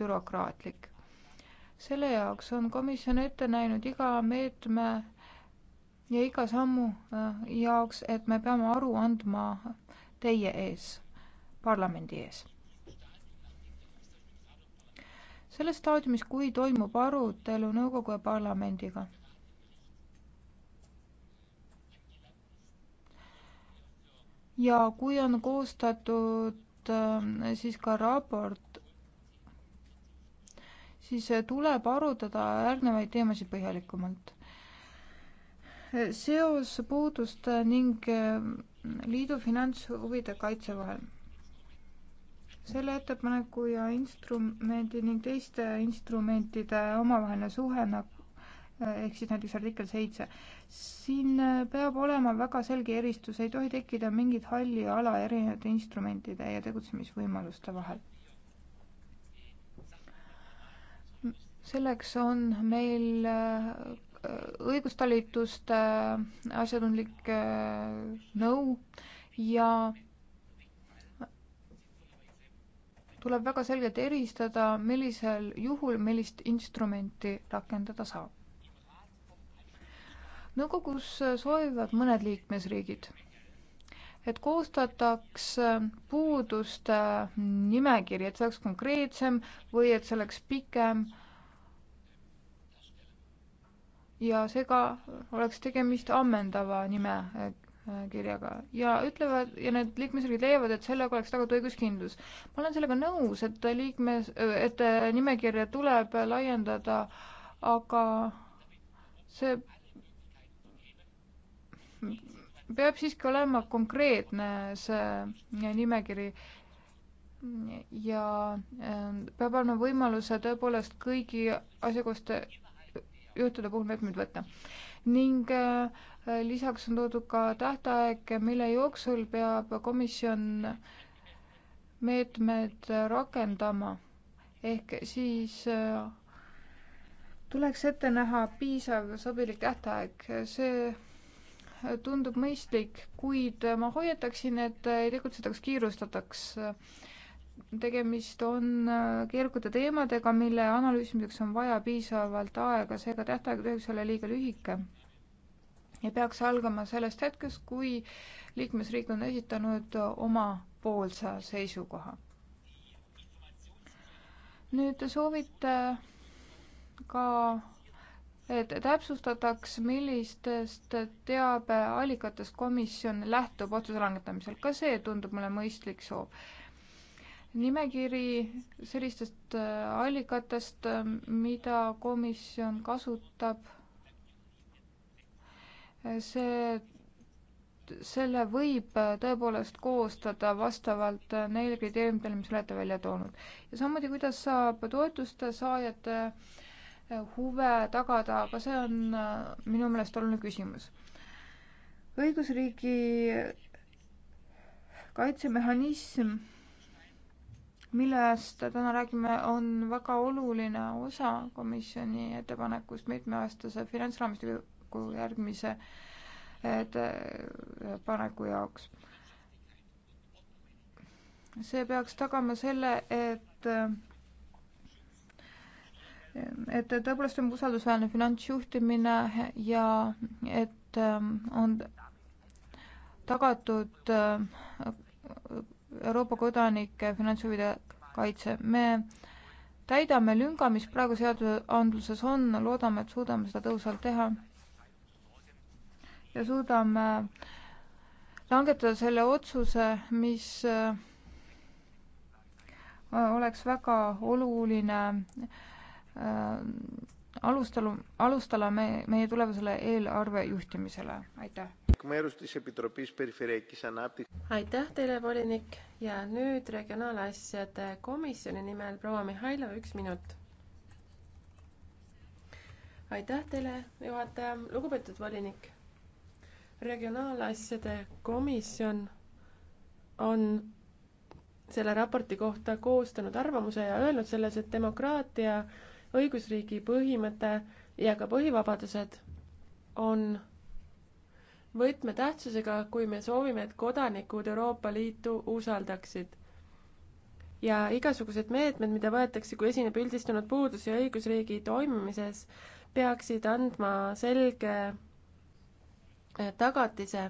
bürokraatlik. selle jaoks on komisjon ette näinud iga meetme ja iga sammu äh, jaoks, et me peame aru andma teie ees, parlamendi ees. selles staadiumis, kui toimub arutelu nõukogu ja parlamendiga ja kui on koostatud äh, siis ka raport siis eh, tuleb arutada järgnevaid teemasid põhjalikumalt. Eh, seos puuduste ning eh, liidu finantshuvide kaitse vahel. selle ettepaneku ja instrumendi ning teiste instrumentide omavaheline suhe nagu, ehk siis näiteks artikkel seitse. siin peab olema väga selge eristus, ei tohi tekkida mingit halli ala erinevate instrumentide ja tegutsemisvõimaluste vahel selleks on meil äh, õigustalituste äh, asjatundlik äh, nõu ja tuleb väga selgelt eristada, millisel juhul millist instrumenti rakendada saab. nõukogus soovivad mõned liikmesriigid, et koostataks puuduste nimekiri, et see oleks konkreetsem või et see oleks pikem äh, ja seega oleks tegemist ammendava nimekirjaga äh, äh, ja ütlevad ja need liikmesriigid leiavad, et sellega oleks tagatud õiguskindlus. ma olen sellega nõus, et liikmes, et äh, nimekirja tuleb laiendada, aga see peab siiski olema konkreetne, see nimekiri ja peab olema võimalus tõepoolest kõigi asjakohaste juhtude puhul meetmeid võtta. ning äh, lisaks on toodud ka tähtaeg, mille jooksul peab komisjon meetmed rakendama. ehk siis äh, tuleks ette näha piisav sobilik tähtaeg, see äh, tundub mõistlik, kuid ma hoiataksin, et ei tegutsetaks kiirustataks äh, tegemist on äh, keerukate teemadega, mille analüüsimiseks on vaja piisavalt aega, seega tähtaeg ei tohiks olla liiga lühike. ja peaks algama sellest hetkest, kui liikmesriik on esitanud omapoolse seisukoha. nüüd te soovite ka et täpsustataks, millistest teabeallikatest komisjon lähtub otsuse langetamisel, ka see tundub mulle mõistlik soov nimekiri sellistest äh, allikatest, äh, mida komisjon kasutab. Äh, see, selle võib tõepoolest koostada vastavalt neile kriteeriumitele, mis olete välja toonud. ja samuti, kuidas saab toetuste saajate huve tagada, aga see on minu meelest oluline küsimus. õigusriigi kaitsemehhanism millest täna räägime, on väga oluline osa komisjoni ettepanekust mitmeaastase finantsraamistiku järgmise eh, ettepaneku jaoks. see peaks tagama selle, et eh, et tõepoolest on usaldusväärne finantsjuhtimine ja et eh, on tagatud Euroopa kodanike finantshuvide kaitse. me täidame lünga, mis praegu seadusandluses on, loodame, et suudame seda tõhusalt teha ja suudame langetada selle otsuse, mis äh, oleks väga oluline äh, alustala, alustala meie, meie tulevasele eelarve juhtimisele. aitäh! aitäh teile, volinik ja nüüd Regionaalasjade Komisjoni nimel proua Mihhailov, üks minut. aitäh teile, juhataja, lugupeetud volinik. regionaalasjade komisjon on selle raporti kohta koostanud arvamuse ja öelnud selles, et demokraatia, õigusriigi põhimõte ja ka põhivabadused on võtmetähtsusega, kui me soovime, et kodanikud Euroopa Liitu usaldaksid ja igasugused meetmed, mida võetakse, kui esineb üldistunud puudusi õigusriigi toimimises, peaksid andma selge eh, tagatise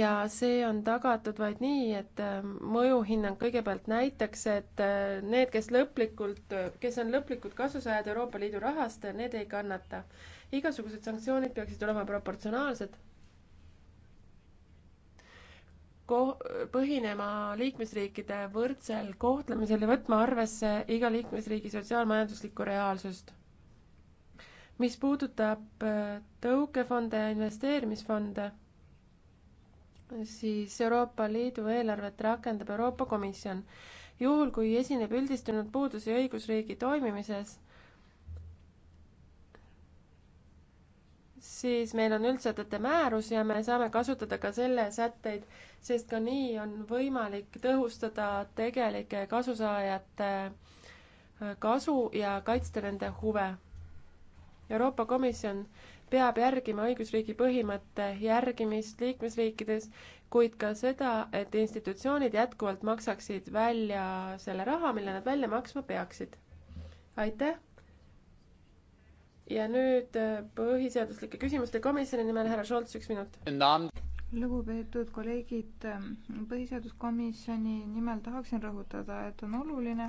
ja see on tagatud vaid nii, et eh, mõjuhinnang kõigepealt näitaks, et eh, need, kes lõplikult, kes on lõplikud kasusaajad Euroopa Liidu rahast, need ei kannata. igasugused sanktsioonid peaksid olema proportsionaalsed ko-, põhinema liikmesriikide võrdsel kohtlemisel ja võtma arvesse iga liikmesriigi sotsiaalmajanduslikku reaalsust. mis puudutab äh, tõukefonde ja investeerimisfonde, siis Euroopa Liidu eelarvet rakendab Euroopa Komisjon. juhul, kui esineb üldistunud puudusi õigusriigi toimimises siis meil on üldsätete määrus ja me saame kasutada ka selle sätteid, sest ka nii on võimalik tõhustada tegelike kasusaajate äh, kasu ja kaitsta nende huve. Euroopa Komisjon peab järgima õigusriigi põhimõtte järgimist liikmesriikides, kuid ka seda, et institutsioonid jätkuvalt maksaksid välja selle raha, mille nad välja maksma peaksid. aitäh! ja nüüd äh, põhiseaduslike küsimuste komisjoni nimel härra Šolts, üks minut. lugupeetud kolleegid, ähm, põhiseaduskomisjoni nimel tahaksin rõhutada, et on oluline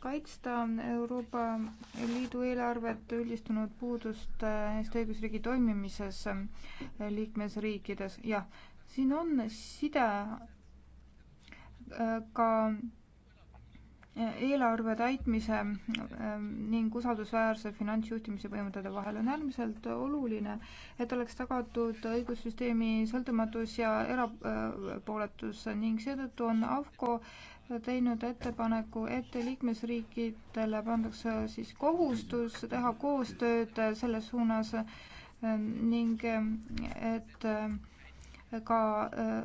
kaitsta Euroopa Liidu eelarvet üldistunud puudust äh, Eesti õigusriigi toimimises äh, liikmesriikides. jah, siin on side ka eelarve täitmise ähm, ning usaldusväärse finantsjuhtimise põhimõtete vahel on äärmiselt oluline, et oleks tagatud õigussüsteemi sõltumatus ja erapooletus ning seetõttu on AFCO teinud ettepaneku, et liikmesriikidele pandakse siis kohustus teha koostööd selles suunas äh, ning äh, et äh, ka äh,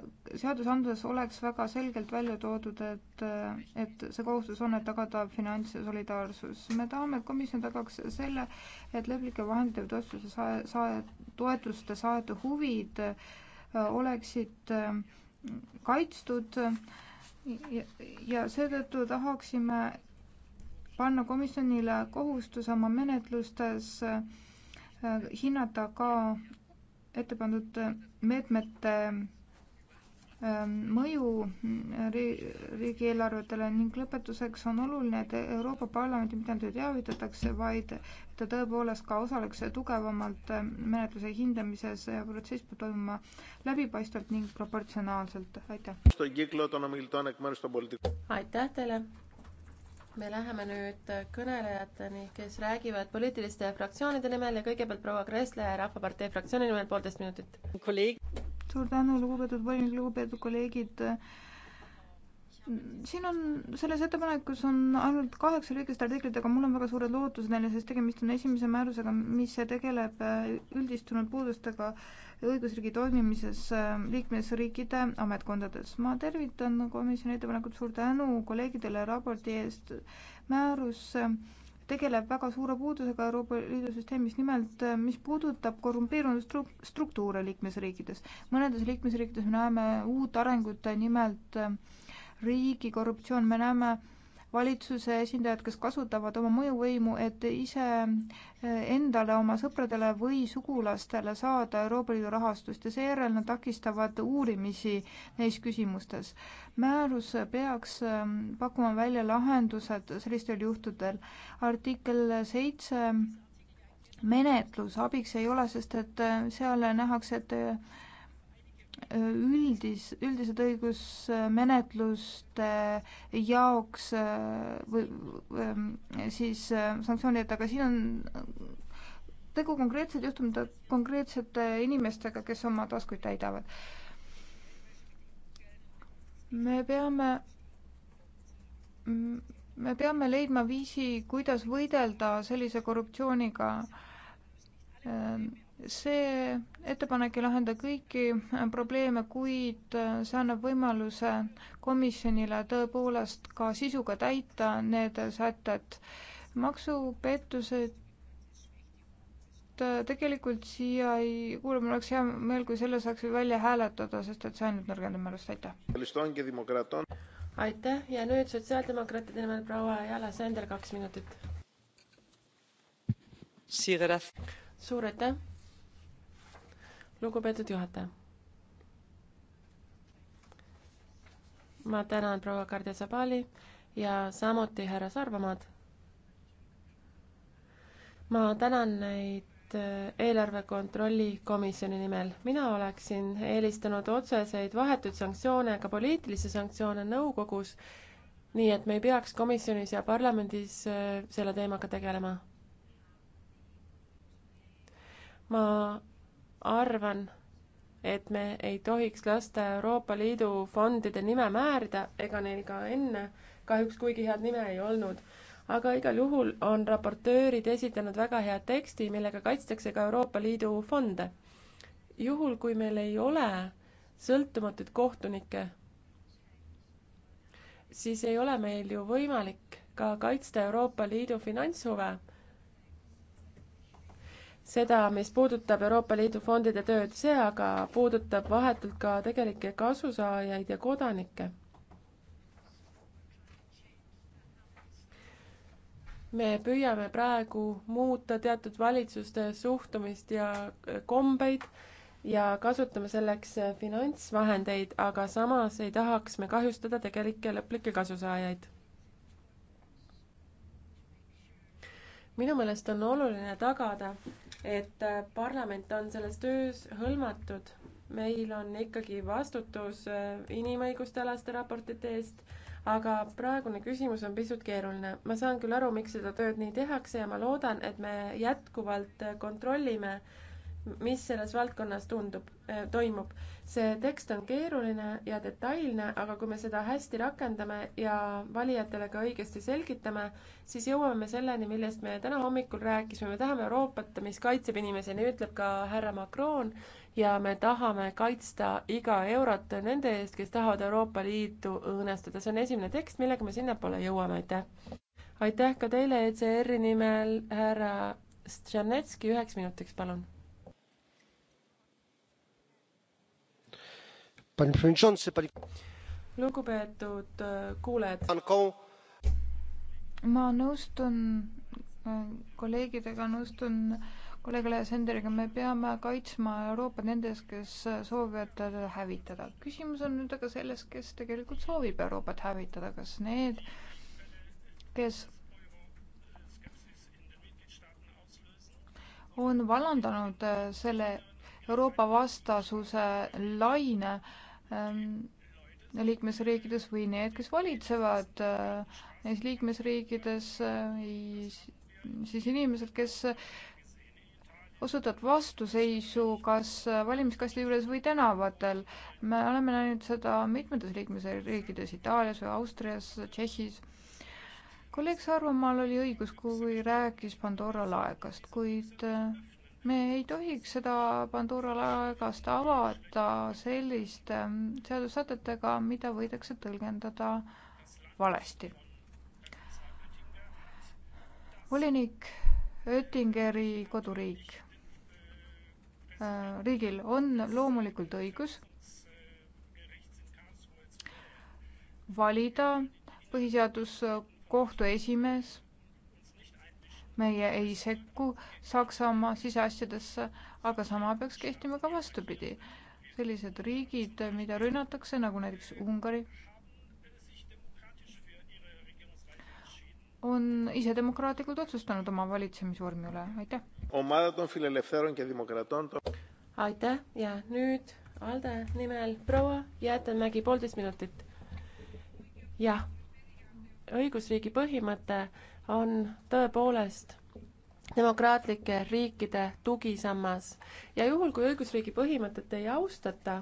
seadusandluses oleks väga selgelt välja toodud, et, äh, et see kohustus on, et tagada finantssolidaarsus. me tahame, et komisjon tagaks selle, et leblike vahendite või toetuse saaja, saaja, toetuste saajate huvid äh, oleksid kaitstud ja, ja seetõttu tahaksime panna komisjonile kohustuse oma menetlustes hinnata ka ette pandud äh, meetmete ähm, mõju äh, riigieelarvetele ning lõpetuseks on oluline, et Euroopa Parlamenti mitte ainult ei teavitatakse, vaid ta tõepoolest ka osaleks tugevamalt äh, menetluse hindamises ja protsess peab toimuma läbipaistvalt ning proportsionaalselt. aitäh! aitäh teile! me läheme nüüd kõnelejateni, kes räägivad poliitiliste fraktsioonide nimel ja kõigepealt proua Kressle Rahvapartei fraktsiooni nimel poolteist minutit. suur tänu, lugupeetud volinik, lugupeetud kolleegid siin on, selles ettepanekus on ainult kaheksa lühikest artiklit, aga mul on väga suured lootused neile, sest tegemist on esimese määrusega, mis tegeleb äh, üldistunud puudustega õigusriigi toimimises äh, liikmesriikide ametkondades. ma tervitan komisjoni ettepanekut, suur tänu kolleegidele raporti eest. määrus äh, tegeleb väga suure puudusega Euroopa Liidu süsteemis, nimelt mis puudutab korrumpeerunud stru-, struktuure liikmesriikides. mõnedes liikmesriikides me näeme uut arengut, nimelt äh, riigi korruptsioon, me näeme valitsuse esindajad, kes kasutavad oma mõjuvõimu, et ise eh, endale, oma sõpradele või sugulastele saada Euroopa Liidu rahastust ja seejärel nad takistavad uurimisi neis küsimustes. määrus peaks eh, pakkuma välja lahendused sellistel juhtudel. artikkel seitse menetlus abiks ei ole, sest et eh, seal nähakse ette üldis, üldised õigusmenetluste jaoks äh, või ähm, siis äh, sanktsioonid, aga siin on tegu konkreetsed juhtumid konkreetsete inimestega, kes oma taskuid täidavad. me peame, me peame leidma viisi, kuidas võidelda sellise korruptsiooniga ähm, see ettepanek ei lahenda kõiki probleeme, kuid see annab võimaluse komisjonile tõepoolest ka sisuga täita need sätted. maksupettused tegelikult siia ei kuule, mul oleks hea meel, kui selle saaks välja hääletada, sest et see ainult nõrgendab mälust, aitäh. aitäh ja nüüd sotsiaaldemokraatide nimel proua Jala Sender, kaks minutit. suur aitäh lugupeetud juhataja. ma tänan proua Kardia Zabali ja samuti härra Sarvamaad. ma tänan neid eelarve kontrolli komisjoni nimel. mina oleksin eelistanud otseseid vahetuid sanktsioone, ka poliitilisi sanktsioone nõukogus, nii et me ei peaks komisjonis ja parlamendis äh, selle teemaga tegelema. ma arvan, et me ei tohiks lasta Euroopa Liidu fondide nime määrida, ega neil ka enne kahjuks kuigi head nime ei olnud. aga igal juhul on raportöörid esitanud väga hea teksti, millega kaitstakse ka Euroopa Liidu fonde. juhul, kui meil ei ole sõltumatuid kohtunikke, siis ei ole meil ju võimalik ka kaitsta Euroopa Liidu finantshuve seda, mis puudutab Euroopa Liidu fondide tööd, see aga puudutab vahetult ka tegelikke kasusaajaid ja kodanikke. me püüame praegu muuta teatud valitsuste suhtumist ja kombeid ja kasutame selleks finantsvahendeid, aga samas ei tahaks me kahjustada tegelikke lõplikke kasusaajaid. minu meelest on oluline tagada, et äh, parlament on selles töös hõlmatud. meil on ikkagi vastutus äh, inimõiguste alaste raportite eest, aga praegune küsimus on pisut keeruline. ma saan küll aru, miks seda tööd nii tehakse ja ma loodan, et me jätkuvalt äh, kontrollime äh, mis selles valdkonnas tundub, äh, toimub. see tekst on keeruline ja detailne, aga kui me seda hästi rakendame ja valijatele ka õigesti selgitame, siis jõuame me selleni, millest me täna hommikul rääkisime, me tahame Euroopat, mis kaitseb inimesi, nii ütleb ka härra Macron, ja me tahame kaitsta iga eurot nende eest, kes tahavad Euroopa Liitu õõnestada. see on esimene tekst, millega me sinnapoole jõuame, aitäh! aitäh ka teile, ECR-i nimel härra Stšanetski, üheks minutiks, palun lugupeetud e, kuulajad. ma nõustun e, kolleegidega, nõustun kolleeg Alessandriga, me peame kaitsma Euroopat nendes, kes soovivad teda hävitada. küsimus on nüüd aga selles, kes tegelikult soovib Euroopat hävitada, kas need, kes on vallandanud e, selle Euroopa vastasuse laine äh, Ähm, liikmesriikides või need, kes valitsevad äh, neis liikmesriikides, äh, siis inimesed, kes osutavad vastuseisu kas äh, valimiskasti juures või tänavatel. me oleme näinud seda mitmetes liikmesriikides, Itaalias või Austrias, Tšehhis. kolleeg Sarvamaal oli õigus, kui rääkis Pandora laekast, kuid me ei tohiks seda Pandora laegast avada selliste seadusätetega, mida võidakse tõlgendada valesti. volinik Oettingeri koduriik, äh, riigil on loomulikult õigus valida põhiseaduskohtu esimees meie ei sekku Saksamaa siseasjadesse, aga sama peaks kehtima ka vastupidi. sellised riigid, mida rünnatakse, nagu näiteks Ungari, on ise demokraatlikult otsustanud oma valitsemisvormi üle, aitäh. aitäh ja nüüd Alde nimel proua Jäätelmägi, poolteist minutit. jah, õigusriigi põhimõte on tõepoolest demokraatlike riikide tugisammas ja juhul, kui õigusriigi põhimõtet ei austata,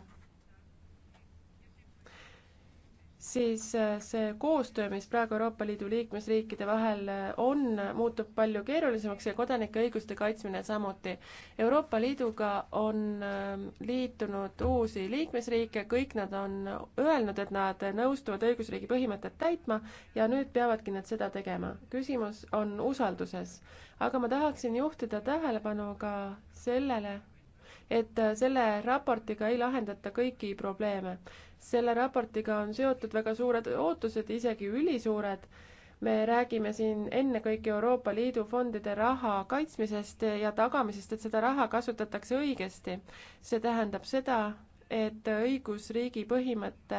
siis äh, see koostöö, mis praegu Euroopa Liidu liikmesriikide vahel äh, on, äh, muutub palju keerulisemaks ja kodanike õiguste kaitsmine samuti. Euroopa Liiduga on ähm, liitunud uusi liikmesriike, kõik nad on öelnud, et nad nõustuvad õigusriigi põhimõtet täitma ja nüüd peavadki nad seda tegema. küsimus on usalduses. aga ma tahaksin juhtida tähelepanu ka sellele, et selle raportiga ei lahendata kõiki probleeme. selle raportiga on seotud väga suured ootused, isegi ülisuured. me räägime siin ennekõike Euroopa Liidu fondide raha kaitsmisest ja tagamisest, et seda raha kasutatakse õigesti. see tähendab seda, et õigusriigi põhimõtte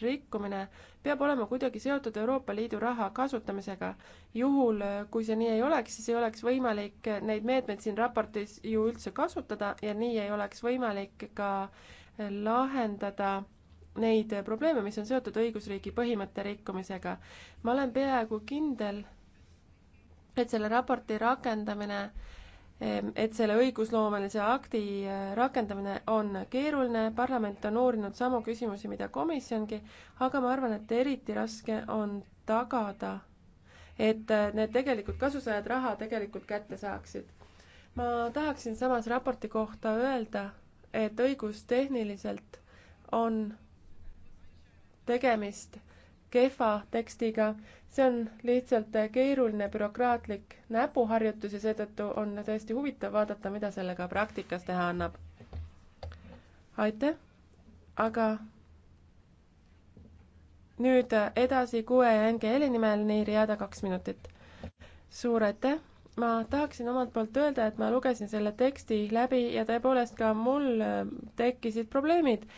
rikkumine peab olema kuidagi seotud Euroopa Liidu raha kasutamisega. juhul, kui see nii ei oleks, siis ei oleks võimalik neid meetmeid siin raportis ju üldse kasutada ja nii ei oleks võimalik ka lahendada neid probleeme, mis on seotud õigusriigi põhimõtte rikkumisega. ma olen peaaegu kindel, et selle raporti rakendamine äh, Ehm, et selle õigusloomelise akti äh, rakendamine on keeruline, parlament on uurinud samu küsimusi, mida komisjongi, aga ma arvan, et eriti raske on tagada, et äh, need tegelikud kasusaajad raha tegelikult kätte saaksid. ma tahaksin samas raporti kohta öelda, et õigustehniliselt on tegemist kehva tekstiga, see on lihtsalt keeruline bürokraatlik näpuharjutus ja seetõttu on tõesti huvitav vaadata, mida sellega praktikas teha annab. aitäh, aga nüüd edasi kuue ja NGL-i nimel, nii Riada kaks minutit. suur aitäh, ma tahaksin omalt poolt öelda, et ma lugesin selle teksti läbi ja tõepoolest ka mul tekkisid probleemid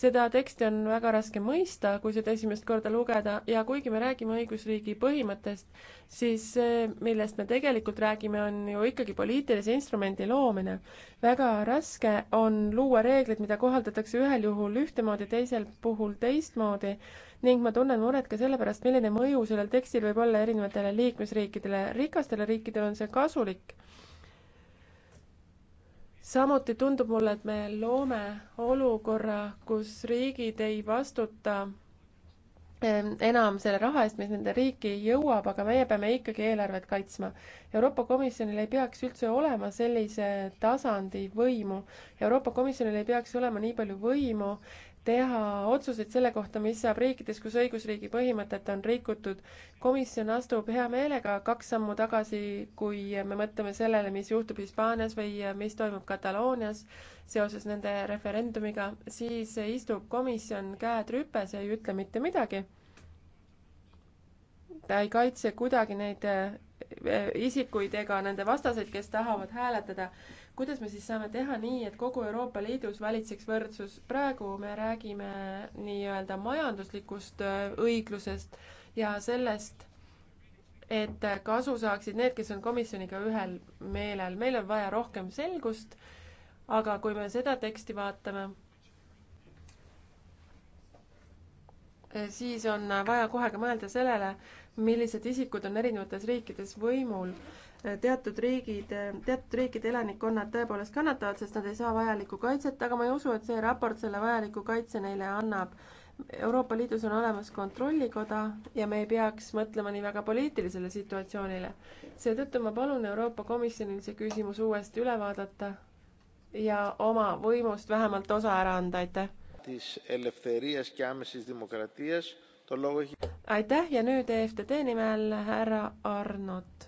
seda teksti on väga raske mõista, kui seda esimest korda lugeda ja kuigi me räägime õigusriigi põhimõttest, siis see, millest me tegelikult räägime, on ju ikkagi poliitilise instrumendi loomine. väga raske on luua reeglid, mida kohaldatakse ühel juhul ühtemoodi, teisel puhul teistmoodi ning ma tunnen muret ka selle pärast, milline mõju sellel tekstil võib olla erinevatele liikmesriikidele. rikastele riikidele on see kasulik samuti tundub mulle, et me loome olukorra, kus riigid ei vastuta ehm, enam selle raha eest, mis nende riiki jõuab, aga meie peame ikkagi eelarvet kaitsma. Euroopa Komisjonil ei peaks üldse olema sellise tasandi võimu. Euroopa Komisjonil ei peaks olema nii palju võimu, teha otsuseid selle kohta, mis saab riikides, kus õigusriigi põhimõtet on rikutud. komisjon astub hea meelega kaks sammu tagasi, kui me mõtleme sellele, mis juhtub Hispaanias või mis toimub Kataloonias seoses nende referendumiga, siis istub komisjon käed rüpes ja ei ütle mitte midagi. ta ei kaitse kuidagi neid isikuid ega nende vastaseid, kes tahavad hääletada. kuidas me siis saame teha nii, et kogu Euroopa Liidus valitseks võrdsus? praegu me räägime nii-öelda majanduslikust äh, õiglusest ja sellest, et kasu saaksid need, kes on komisjoniga ühel meelel. meil on vaja rohkem selgust, aga kui me seda teksti vaatame, siis on vaja kohe ka mõelda sellele, millised isikud on erinevates riikides võimul. teatud riigid, teatud riikide elanikkonnad tõepoolest kannatavad, sest nad ei saa vajalikku kaitset, aga ma ei usu, et see raport selle vajaliku kaitse neile annab Euroopa Liidus on olemas kontrollikoda ja me ei peaks mõtlema nii väga poliitilisele situatsioonile. seetõttu ma palun Euroopa Komisjonil see küsimus uuesti üle vaadata ja oma võimust vähemalt osa ära anda, aitäh aitäh ja nüüd EFTD nimel härra Arnot.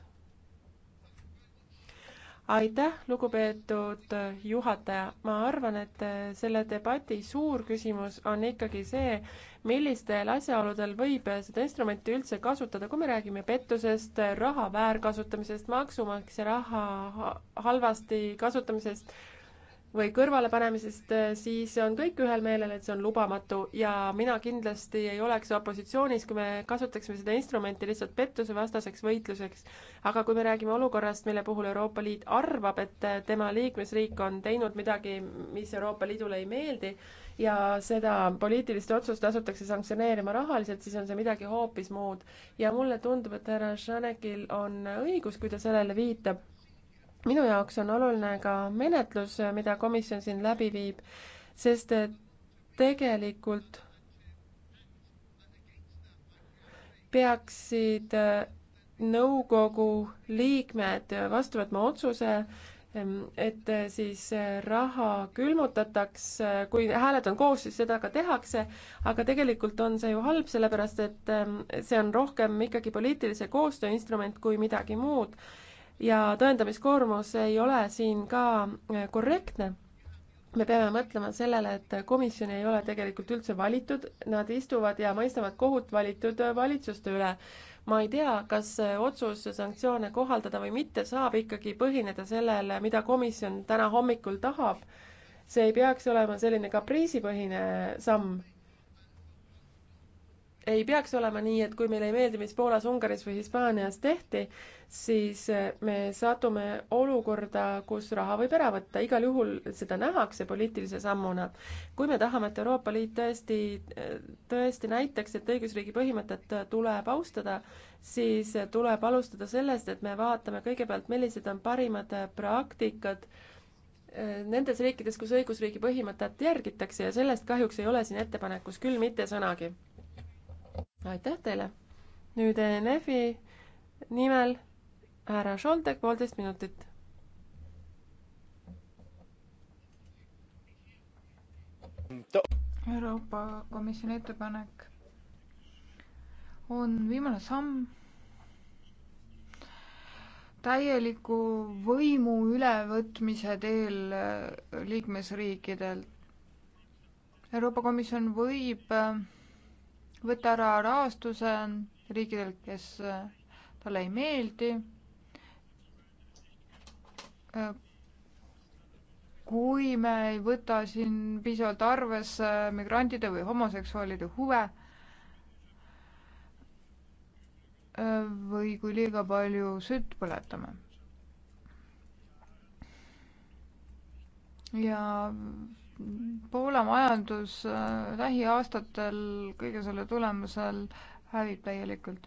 aitäh, lugupeetud juhataja. ma arvan, et selle debati suur küsimus on ikkagi see, millistel asjaoludel võib seda instrumenti üldse kasutada, kui me räägime pettusest, raha väärkasutamisest, maksumaksja raha halvasti kasutamisest või kõrvalepanemisest, äh, siis on kõik ühel meelel, et see on lubamatu ja mina kindlasti ei oleks opositsioonis, kui me kasutaksime seda instrumenti lihtsalt pettusevastaseks võitluseks. aga kui me räägime olukorrast, mille puhul Euroopa Liit arvab, et äh, tema liikmesriik on teinud midagi, mis Euroopa Liidule ei meeldi, ja seda poliitilist otsust asutakse sanktsioneerima rahaliselt, siis on see midagi hoopis muud. ja mulle tundub, et härra Šanekil on õigus, kui ta sellele viitab minu jaoks on oluline ka menetlus, mida komisjon siin läbi viib, sest tegelikult peaksid äh, nõukogu liikmed vastu võtma otsuse, ähm, et äh, siis äh, raha külmutataks, kui hääled on koos, siis seda ka tehakse, aga tegelikult on see ju halb, sellepärast et ähm, see on rohkem ikkagi poliitilise koostöö instrument kui midagi muud ja tõendamiskoormus ei ole siin ka äh, korrektne. me peame mõtlema sellele, et komisjoni ei ole tegelikult üldse valitud, nad istuvad ja mõistavad kohut valitud äh, valitsuste üle. ma ei tea, kas äh, otsus sanktsioone kohaldada või mitte saab ikkagi põhineda sellel, mida komisjon täna hommikul tahab. see ei peaks olema selline kapriisipõhine samm ei peaks olema nii, et kui meile ei meeldi, mis Poolas, Ungaris või Hispaanias tehti, siis eh, me satume olukorda, kus raha võib ära võtta, igal juhul seda nähakse poliitilise sammuna. kui me tahame, et Euroopa Liit tõesti, eh, tõesti näitaks, et õigusriigi põhimõtet tuleb austada, siis tuleb alustada sellest, et me vaatame kõigepealt, millised on parimad praktikad eh, nendes riikides, kus õigusriigi põhimõtet järgitakse ja sellest kahjuks ei ole siin ettepanekus küll mitte sõnagi aitäh teile. nüüd ENF-i nimel härra Šoltek, poolteist minutit. Euroopa Komisjoni ettepanek on viimane samm täieliku võimu ülevõtmise teel liikmesriikidelt. Euroopa Komisjon võib äh, võtta ära rahastuse riigidel, kes äh, talle ei meeldi. Äh, kui me ei võta siin piisavalt arvesse migrantide või homoseksuaalide huve äh, või kui liiga palju sütt põletame. ja Poola majandus äh, lähiaastatel kõige selle tulemusel hävib täielikult.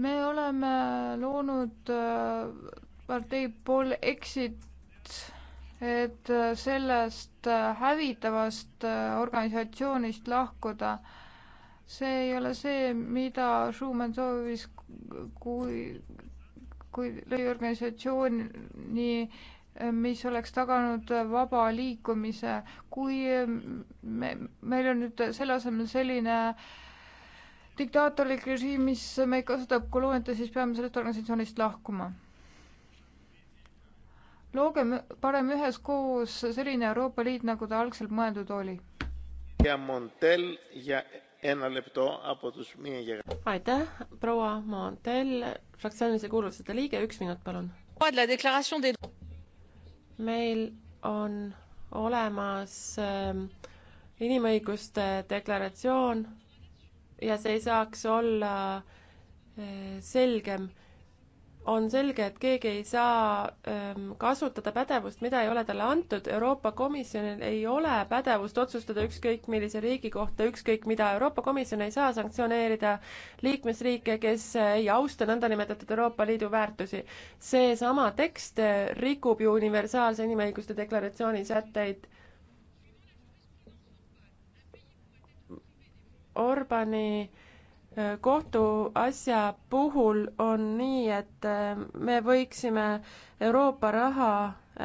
me oleme loonud äh, partei Pol Exit, et äh, sellest hävitavast organisatsioonist lahkuda see ei ole see, mida Schumann soovis, kui, kui lõi organisatsiooni mis oleks taganud vaba liikumise, kui me, meil on nüüd selle asemel selline diktaatorlik režiim, mis meid kasutab kolooniate, siis peame sellest organisatsioonist lahkuma. loogem parem üheskoos selline Euroopa Liit, nagu ta algselt mõeldud oli. aitäh, proua Montel, fraktsioonilise kuuluvuseta liige, üks minut, palun meil on olemas ähm, inimõiguste deklaratsioon ja see saaks olla äh, selgem on selge, et keegi ei saa ähm, kasutada pädevust, mida ei ole talle antud. Euroopa Komisjonil ei ole pädevust otsustada ükskõik millise riigi kohta ükskõik mida. Euroopa Komisjon ei saa sanktsioneerida liikmesriike, kes äh, ei austa nõndanimetatud Euroopa Liidu väärtusi. seesama tekst äh, rikub ju universaalse inimõiguste deklaratsiooni sätteid. Orbani kohtuasja puhul on nii, et eh, me võiksime Euroopa raha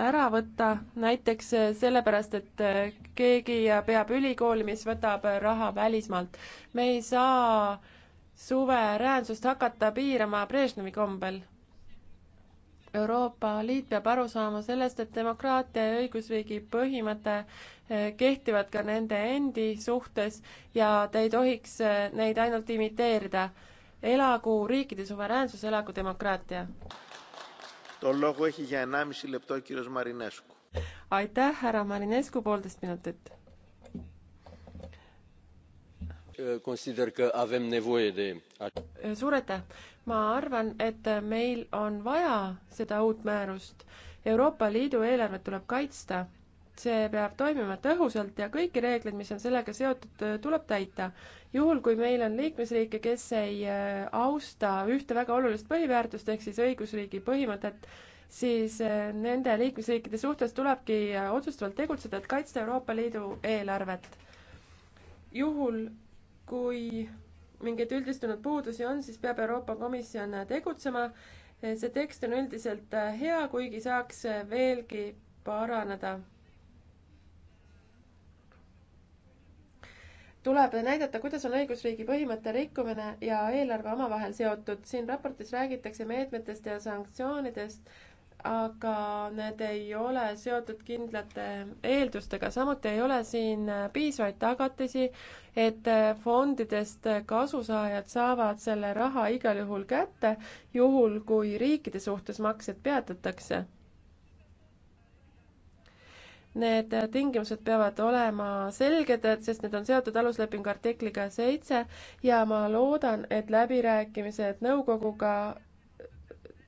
ära võtta, näiteks eh, sellepärast, et eh, keegi peab ülikooli, mis võtab raha välismaalt. me ei saa suveräänsust hakata piirama Brežnevi kombel Euroopa Liit peab aru saama sellest, et demokraatia ja õigusriigi põhimõte Eh, kehtivad ka nende endi suhtes ja te ei tohiks eh, neid ainult imiteerida. elagu riikide suveräänsus, elagu demokraatia! aitäh, härra Marinescu, poolteist minutit. consider că avem nevoie de. Eh, suur aitäh! ma arvan, et meil on vaja seda uut määrust. Euroopa Liidu eelarvet tuleb kaitsta see peab toimima tõhusalt ja kõiki reegleid, mis on sellega seotud, tuleb täita. juhul, kui meil on liikmesriike, kes ei äh, austa ühte väga olulist põhiväärtust ehk siis õigusriigi põhimõtet, siis äh, nende liikmesriikide suhtes tulebki äh, otsustavalt tegutseda, et kaitsta Euroopa Liidu eelarvet. juhul, kui mingeid üldistunud puudusi on, siis peab Euroopa Komisjon tegutsema. see tekst on üldiselt hea, kuigi saaks veelgi paraneda tuleb näidata, kuidas on õigusriigi põhimõtte rikkumine ja eelarve omavahel seotud. siin raportis räägitakse meetmetest ja sanktsioonidest, aga need ei ole seotud kindlate eeldustega, samuti ei ole siin piisavaid tagatisi, et fondidest kasusaajad saavad selle raha igal juhul kätte, juhul kui riikide suhtes maksed peatatakse Need tingimused peavad olema selged, sest need on seotud aluslepingu artikliga seitse ja ma loodan, et läbirääkimised nõukoguga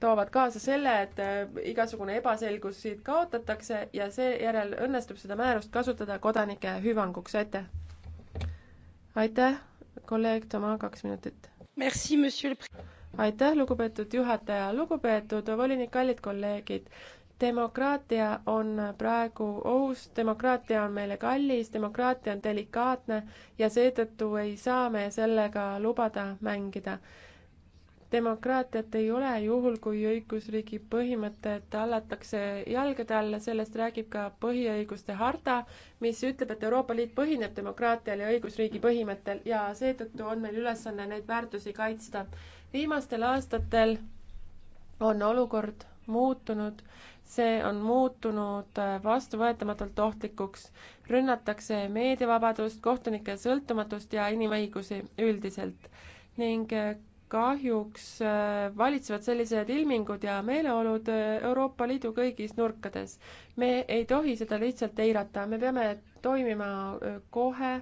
toovad kaasa selle, et äh, igasugune ebaselgus siit kaotatakse ja seejärel õnnestub seda määrust kasutada kodanike hüvanguks, aitäh! aitäh, kolleeg Toma, kaks minutit. aitäh, lugupeetud juhataja, lugupeetud volinik, kallid kolleegid! demokraatia on praegu ohus, demokraatia on meile kallis, demokraatia on delikaatne ja seetõttu ei saa me sellega lubada mängida. demokraatiat ei ole juhul, kui õigusriigi põhimõtted hallatakse jalgade alla, sellest räägib ka põhiõiguste harta, mis ütleb, et Euroopa Liit põhineb demokraatial ja õigusriigi põhimõttel ja seetõttu on meil ülesanne neid väärtusi kaitsta. viimastel aastatel on olukord muutunud see on muutunud äh, vastuvõetamatult ohtlikuks. rünnatakse meediavabadust, kohtunike sõltumatust ja inimõigusi üldiselt ning äh, kahjuks äh, valitsevad sellised ilmingud ja meeleolud Euroopa Liidu kõigis nurkades. me ei tohi seda lihtsalt eirata, me peame toimima kohe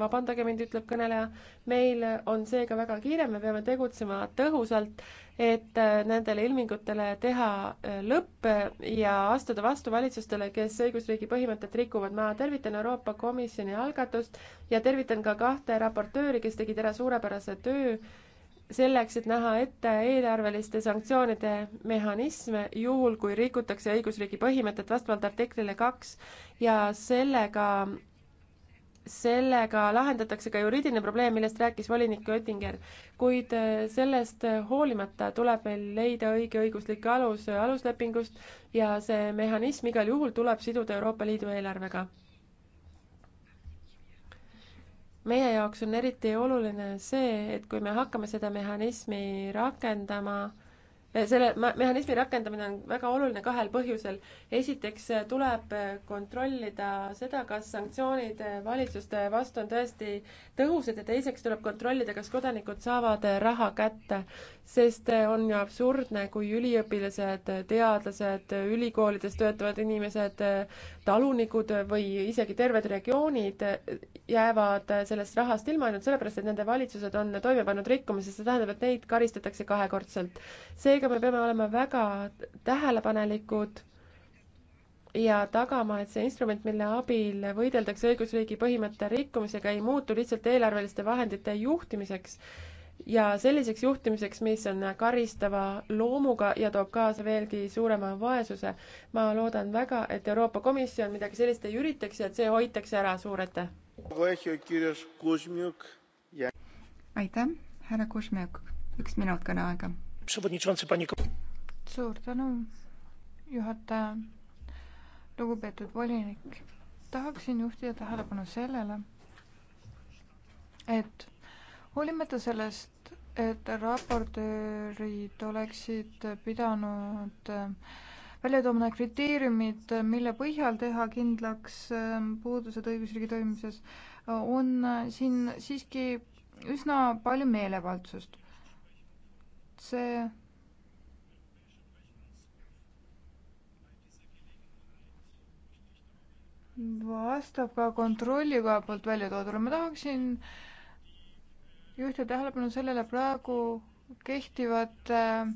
vabandage mind, ütleb kõneleja, meil on seega väga kiire, me peame tegutsema tõhusalt, et äh, nendele ilmingutele teha äh, lõpp ja astuda vastu valitsustele, kes õigusriigi põhimõtet rikuvad. ma tervitan Euroopa Komisjoni algatust ja tervitan ka kahte raportööri, kes tegid ära suurepärase töö selleks, et näha ette eelarveliste sanktsioonide mehhanisme juhul, kui rikutakse õigusriigi põhimõtet vastavalt artiklile kaks ja sellega sellega lahendatakse ka juriidiline probleem, millest rääkis volinik Oettinger. kuid äh, sellest hoolimata tuleb meil leida õige õiguslik alus äh, aluslepingust ja see mehhanism igal juhul tuleb siduda Euroopa Liidu eelarvega. meie jaoks on eriti oluline see, et kui me hakkame seda mehhanismi rakendama, Eh, selle mehhanismi rakendamine on väga oluline kahel põhjusel. esiteks eh, tuleb eh, kontrollida seda, kas sanktsioonid valitsuste vastu on tõesti tõhusad ja teiseks tuleb kontrollida, kas kodanikud saavad raha kätte. sest on ju absurdne, kui üliõpilased, teadlased, ülikoolides töötavad inimesed, talunikud või isegi terved regioonid jäävad sellest rahast ilma ainult sellepärast, et nende valitsused on toime pannud rikkumisi, see tähendab, et neid karistatakse kahekordselt. seega seega me peame olema väga tähelepanelikud ja tagama, et see instrument, mille abil võideldakse õigusriigi põhimõtte rikkumisega, ei muutu lihtsalt eelarveliste vahendite juhtimiseks ja selliseks juhtimiseks, mis on karistava loomuga ja toob kaasa veelgi suurema vaesuse. ma loodan väga, et Euroopa Komisjon midagi sellist ei üritaks ja et see hoitakse ära, suur aitäh! aitäh, härra Kuzmjuk, üks minut kõneaega suur tänu, juhataja. lugupeetud volinik, tahaksin juhtida tähelepanu sellele, et hoolimata sellest, et raportöörid oleksid pidanud äh, välja tooma kriteeriumid, mille põhjal teha kindlaks äh, puudused õigusriigi toimimises, on äh, siin siiski üsna palju meelevaldsust see vastab ka kontrollikoja poolt välja toodule. ma tahaksin juhtida tähelepanu sellele praegu kehtivate äh,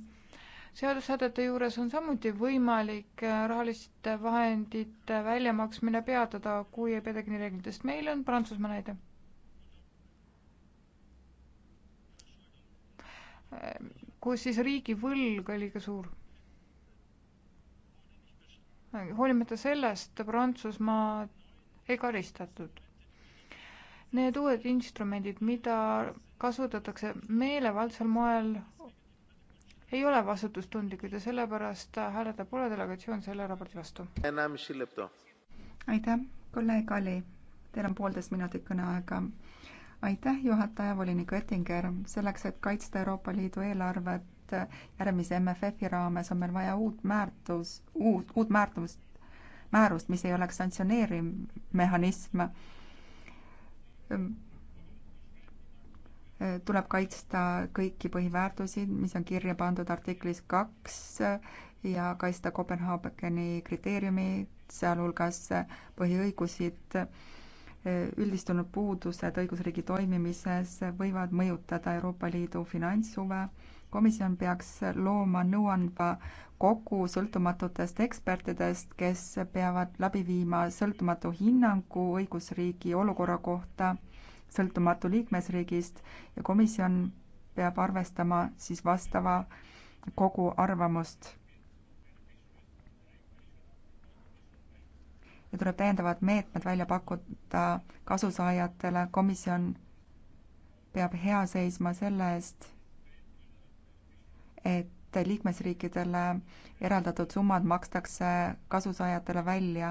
seadussätete juures on samuti võimalik äh, rahaliste vahendite äh, väljamaksmine peatada, kui ei peeta kinni reeglitest. meil on Prantsusmaa näide kus siis riigivõlg oli ka suur. hoolimata sellest Prantsusmaa ei karistatud. Need uued instrumendid, mida kasutatakse meelevaldsel moel, ei ole vastutustundlikud ja sellepärast hääletab pole delegatsioon selle raporti vastu. aitäh, kolleeg Ali, teil on poolteist minutit kõneaega aitäh, juhataja, volinik Oettinger, selleks, et kaitsta Euroopa Liidu eelarvet järgmise MFF-i raames, on meil vaja uut määrtus, uut, uut määrdust, määrust, mis ei oleks sanktsioneeriv mehhanism. tuleb kaitsta kõiki põhiväärtusi, mis on kirja pandud artiklis kaks ja kaitsta Kopenhaageni kriteeriumi, sealhulgas põhiõigusid üldistunud puudused õigusriigi toimimises võivad mõjutada Euroopa Liidu finantshuve. komisjon peaks looma nõuandva kogu sõltumatutest ekspertidest, kes peavad läbi viima sõltumatu hinnangu õigusriigi olukorra kohta sõltumatu liikmesriigist ja komisjon peab arvestama siis vastava kogu arvamust ja tuleb täiendavad meetmed välja pakkuda kasusaajatele. komisjon peab hea seisma selle eest, et liikmesriikidele eraldatud summad makstakse kasusaajatele välja.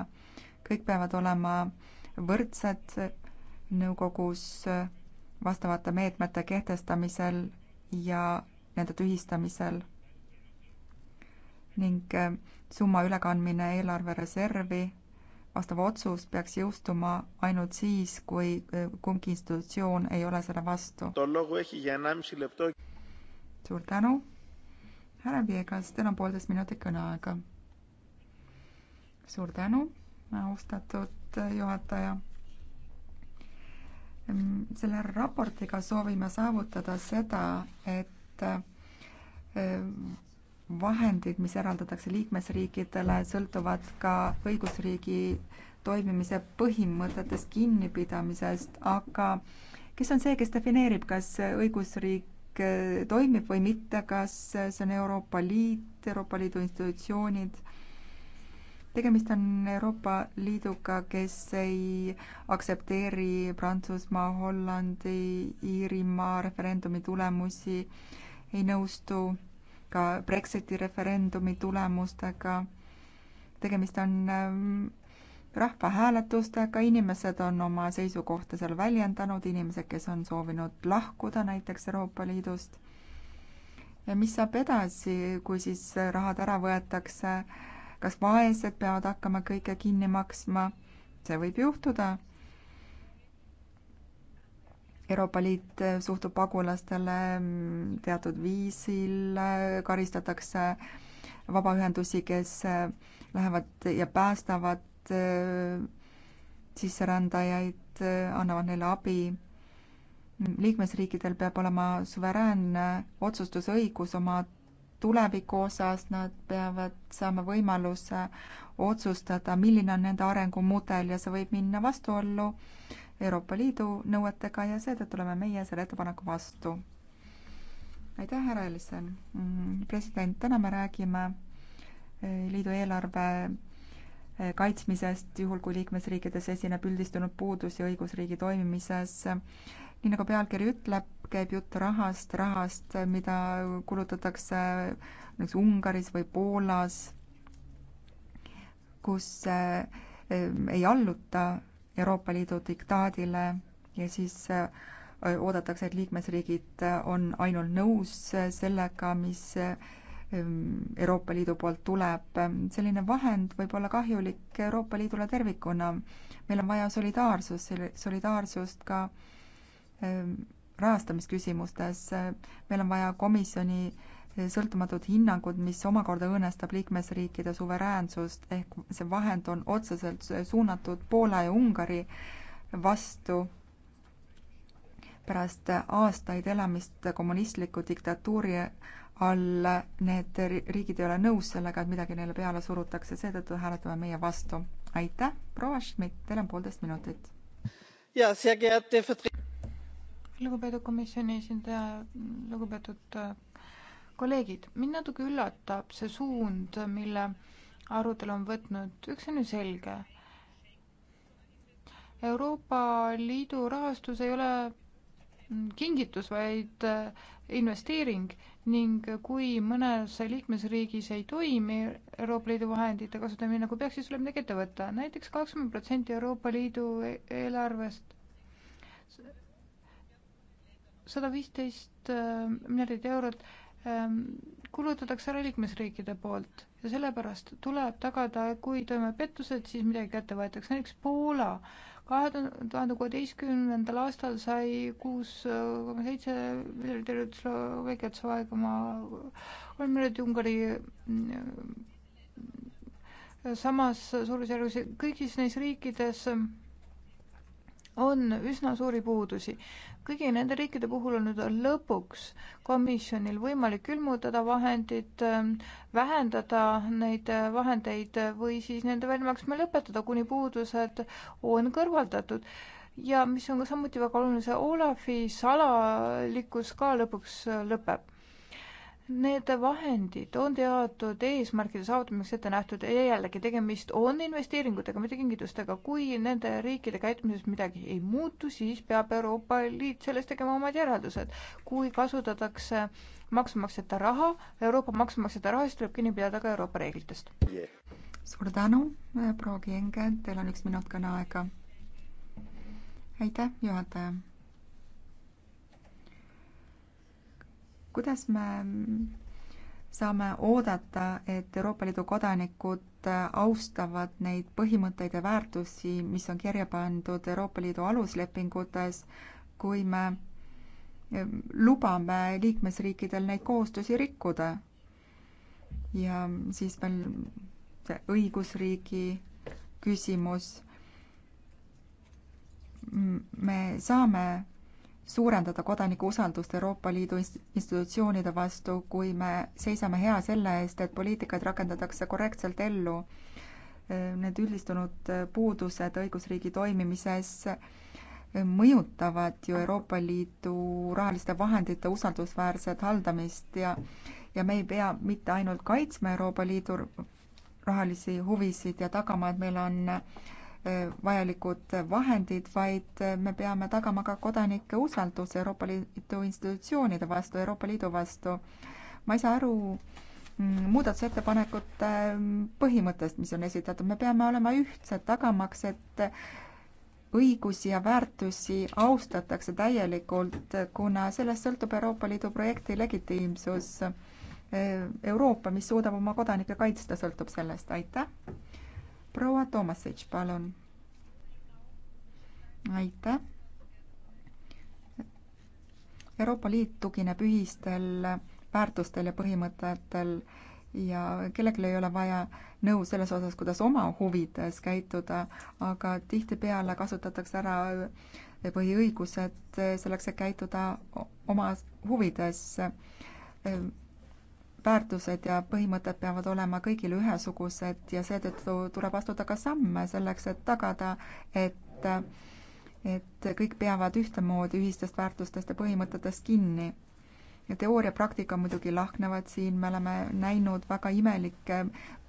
kõik peavad olema võrdsed nõukogus vastavate meetmete kehtestamisel ja nende tühistamisel ning summa ülekandmine eelarvereservi vastav otsus peaks jõustuma ainult siis, kui eh, kumbki institutsioon ei ole selle vastu. suur tänu. härra Viegas, teil on poolteist minutit kõneaega. suur tänu, austatud juhataja. Mm, selle raportiga soovime saavutada seda, et eh, vahendid, mis eraldatakse liikmesriikidele, sõltuvad ka õigusriigi toimimise põhimõtetest kinnipidamisest, aga kes on see, kes defineerib, kas õigusriik toimib või mitte, kas see on Euroopa Liit, Euroopa Liidu institutsioonid? tegemist on Euroopa Liiduga, kes ei aktsepteeri Prantsusmaa, Hollandi, Iirimaa referendumi tulemusi, ei nõustu ka Brexiti referendumi tulemustega. tegemist on ähm, rahvahääletustega, inimesed on oma seisukohta seal väljendanud, inimesed, kes on soovinud lahkuda näiteks Euroopa Liidust. ja mis saab edasi, kui siis rahad ära võetakse, kas vaesed peavad hakkama kõike kinni maksma? see võib juhtuda Euroopa Liit suhtub pagulastele mm, teatud viisil, karistatakse vabaühendusi, kes äh, lähevad ja päästavad äh, sisserändajaid, äh, annavad neile abi. liikmesriikidel peab olema suveräänne otsustusõigus oma tuleviku osas, nad peavad saama võimaluse otsustada, milline on nende arengumudel ja see võib minna vastuollu Euroopa Liidu nõuetega ja seetõttu oleme meie selle ettepaneku vastu. aitäh, härra Ellison. Mm, president, täna me räägime eh, liidu eelarve eh, kaitsmisest, juhul kui liikmesriikides esineb üldistunud puudusi õigusriigi toimimises. nii nagu pealkiri ütleb, käib jutt rahast, rahast, mida kulutatakse näiteks Ungaris või Poolas, kus eh, ei alluta Euroopa Liidu diktaadile ja siis äh, oodatakse, et liikmesriigid äh, on ainult nõus äh, sellega, mis Euroopa Liidu poolt tuleb. selline vahend võib olla kahjulik Euroopa Liidule tervikuna. meil on vaja solidaarsust, solidaarsust ka rahastamisküsimustes. meil on vaja komisjoni sõltumatud hinnangud, mis omakorda õõnestab liikmesriikide suveräänsust, ehk see vahend on otseselt suunatud Poola ja Ungari vastu pärast aastaid elamist kommunistliku diktatuuri all need riigid ei ole nõus sellega, et midagi neile peale surutakse, seetõttu hääletame meie vastu. aitäh, proua Schmidt, teil on poolteist minutit. lugupeetud komisjoni esindaja, lugupeetud äh, kolleegid, mind natuke üllatab see suund, mille arutelu on võtnud, üks on ju selge. Euroopa Liidu rahastus ei ole kingitus, vaid äh, investeering ning kui mõnes liikmesriigis ei toimi Euroopa Liidu vahendite kasutamine nagu peaks, siis tuleb midagi ette võtta näiteks. näiteks kakskümmend protsenti Euroopa Liidu e-, eelarvest sada viisteist äh, miljardit eurot Ehm, kulutatakse ära liikmesriikide poolt ja sellepärast tuleb tagada, kui toimub pettused, siis midagi kätte võetakse, näiteks Poola kahe tuhande kuueteistkümnendal aastal sai kuus koma seitse miljardit eurot Slovakkiat, Slovakkia oma kolm miljardit Ungari mm, samas suurusjärgus, kõigis neis riikides on üsna suuri puudusi. kõigi nende riikide puhul on nüüd lõpuks komisjonil võimalik külmutada vahendid, vähendada neid vahendeid või siis nende väljamaksmine lõpetada, kuni puudused on kõrvaldatud. ja mis on ka samuti väga oluline, see Olafi salalikkus ka lõpuks lõpeb Need vahendid on teatud eesmärkide saavutamiseks ette nähtud ja jällegi tegemist on investeeringutega, mitte kingitustega. kui nende riikide käitumises midagi ei muutu, siis peab Euroopa Liit sellest tegema omad järeldused. kui kasutatakse maksumaksjate raha, Euroopa maksumaksjate raha, siis tuleb kinni pidada ka Euroopa reeglitest yeah.. suur tänu, proua Kienge, teil on üks minut kõneaega. aitäh, juhataja kuidas me saame oodata, et Euroopa Liidu kodanikud austavad neid põhimõtteid ja väärtusi, mis on kirja pandud Euroopa Liidu aluslepingutes, kui me eh, lubame liikmesriikidel neid kohustusi rikkuda. ja siis veel see õigusriigi küsimus. me saame suurendada kodanike usaldust Euroopa Liidu institutsioonide vastu, kui me seisame hea selle eest, et poliitikaid rakendatakse korrektselt ellu. Need üldistunud puudused õigusriigi toimimises mõjutavad ju Euroopa Liidu rahaliste vahendite usaldusväärset haldamist ja ja me ei pea mitte ainult kaitsma Euroopa Liidu rahalisi huvisid ja tagama, et meil on äh, Äh, vajalikud vahendid, vaid äh, me peame tagama ka kodanike usalduse Euroopa Liidu institutsioonide vastu, Euroopa Liidu vastu. ma ei saa aru mm, muudatusettepanekute mm, põhimõttest, mis on esitatud, me peame olema ühtsed, tagamaks, et õigusi ja väärtusi austatakse täielikult, kuna sellest sõltub Euroopa Liidu projekti legitiimsus. Äh, Euroopa, mis suudab oma kodanikke kaitsta, sõltub sellest, aitäh! proua Tomasitš, palun. aitäh. Euroopa Liit tugineb ühistel väärtustel ja põhimõtetel ja kellelgi ei ole vaja nõu selles osas, kuidas oma huvides käituda, aga tihtipeale kasutatakse ära põhiõigused selleks, et käituda oma huvides väärtused ja põhimõtted peavad olema kõigile ühesugused ja seetõttu tuleb astuda ka samme selleks, et tagada, et, et kõik peavad ühtemoodi ühistest väärtustest ja põhimõtetest kinni. ja teooria ja praktika muidugi lahknevad siin, me oleme näinud väga imelikke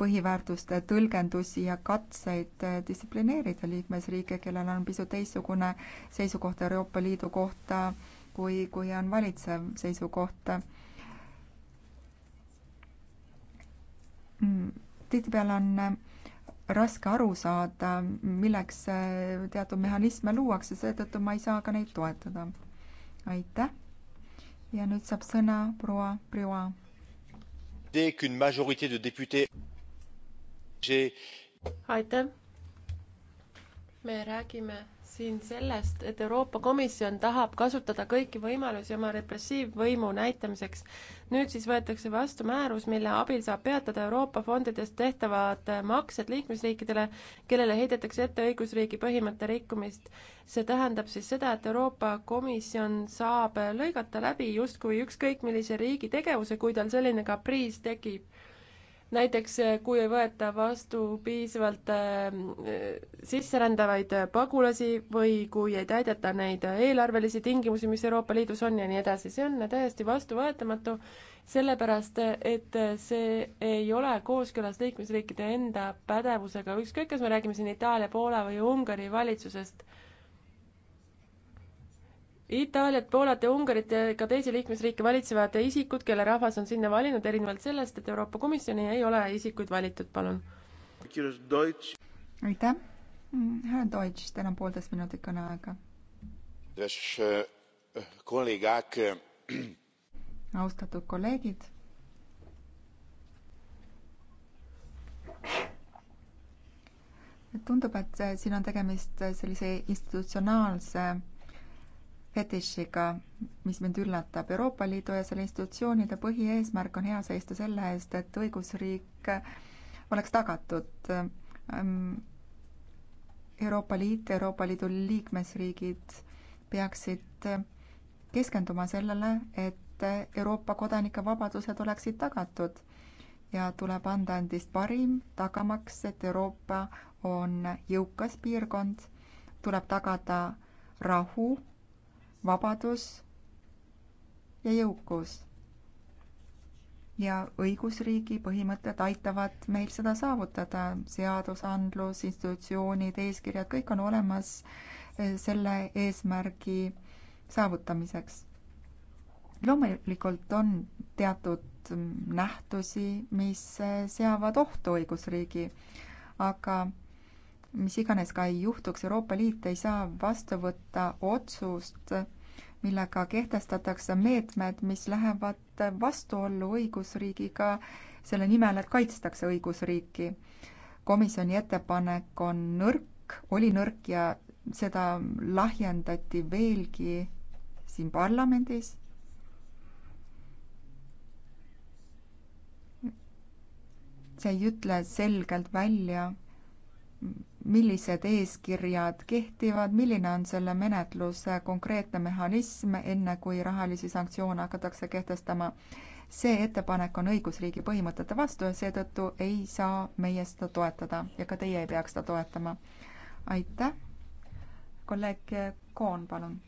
põhiväärtuste tõlgendusi ja katseid distsiplineerida liikmesriike, kellel on pisut teistsugune seisukoht Euroopa Liidu kohta, kui, kui on valitsev seisukoht Mm. tihtipeale on äh, raske aru saada, milleks äh, teatud mehhanisme luuakse, seetõttu ma ei saa ka neid toetada. aitäh. ja nüüd saab sõna proua Priua. aitäh. me räägime siin sellest, et Euroopa Komisjon tahab kasutada kõiki võimalusi oma repressiivvõimu näitamiseks. nüüd siis võetakse vastu määrus, mille abil saab peatada Euroopa fondidest tehtavad maksed liikmesriikidele, kellele heidetakse ette õigusriigi põhimõtte rikkumist. see tähendab siis seda, et Euroopa Komisjon saab lõigata läbi justkui ükskõik millise riigi tegevuse, kui tal selline kapriis tekib näiteks eh, kui ei võeta vastu piisavalt eh, sisserändavaid eh, pagulasi või kui ei täideta neid eelarvelisi tingimusi, mis Euroopa Liidus on ja nii edasi, see on täiesti vastuvõetamatu, sellepärast et see ei ole kooskõlas liikmesriikide enda pädevusega, ükskõik kas me räägime siin Itaalia, Poola või Ungari valitsusest Itaaliat, Poolat ja Ungarit ja ka teisi liikmesriike valitsevad isikud, kelle rahvas on sinna valinud, erinevalt sellest, et Euroopa Komisjoni ei ole isikuid valitud, palun. aitäh, härra Deutsch, teil on poolteist minutit kõneaega. austatud kolleegid. tundub, et siin on tegemist sellise institutsionaalse fetišiga, mis mind üllatab. Euroopa Liidu ja selle institutsioonide põhieesmärk on hea seista selle eest, et õigusriik oleks tagatud. Ähm, Euroopa Liit, Euroopa Liidu liikmesriigid peaksid keskenduma sellele, et Euroopa kodanike vabadused oleksid tagatud ja tuleb anda endist parim, tagamaks, et Euroopa on jõukas piirkond, tuleb tagada rahu vabadus ja jõukus. ja õigusriigi põhimõtted aitavad meil seda saavutada, seadusandlus, institutsioonid, eeskirjad, kõik on olemas eh, selle eesmärgi saavutamiseks. loomulikult on teatud mm, nähtusi, mis eh, seavad ohtu õigusriigi, aga mis iganes ka ei juhtuks, Euroopa Liit ei saa vastu võtta otsust, millega kehtestatakse meetmed, mis lähevad vastuollu õigusriigiga selle nimel, et kaitstakse õigusriiki. komisjoni ettepanek on nõrk, oli nõrk ja seda lahjendati veelgi siin parlamendis. see ei ütle selgelt välja millised eeskirjad kehtivad, milline on selle menetluse konkreetne mehhanism, enne kui rahalisi sanktsioone hakatakse kehtestama. see ettepanek on õigusriigi põhimõtete vastu ja seetõttu ei saa meie seda toetada ja ka teie ei peaks seda toetama. aitäh. kolleeg Koon, palun.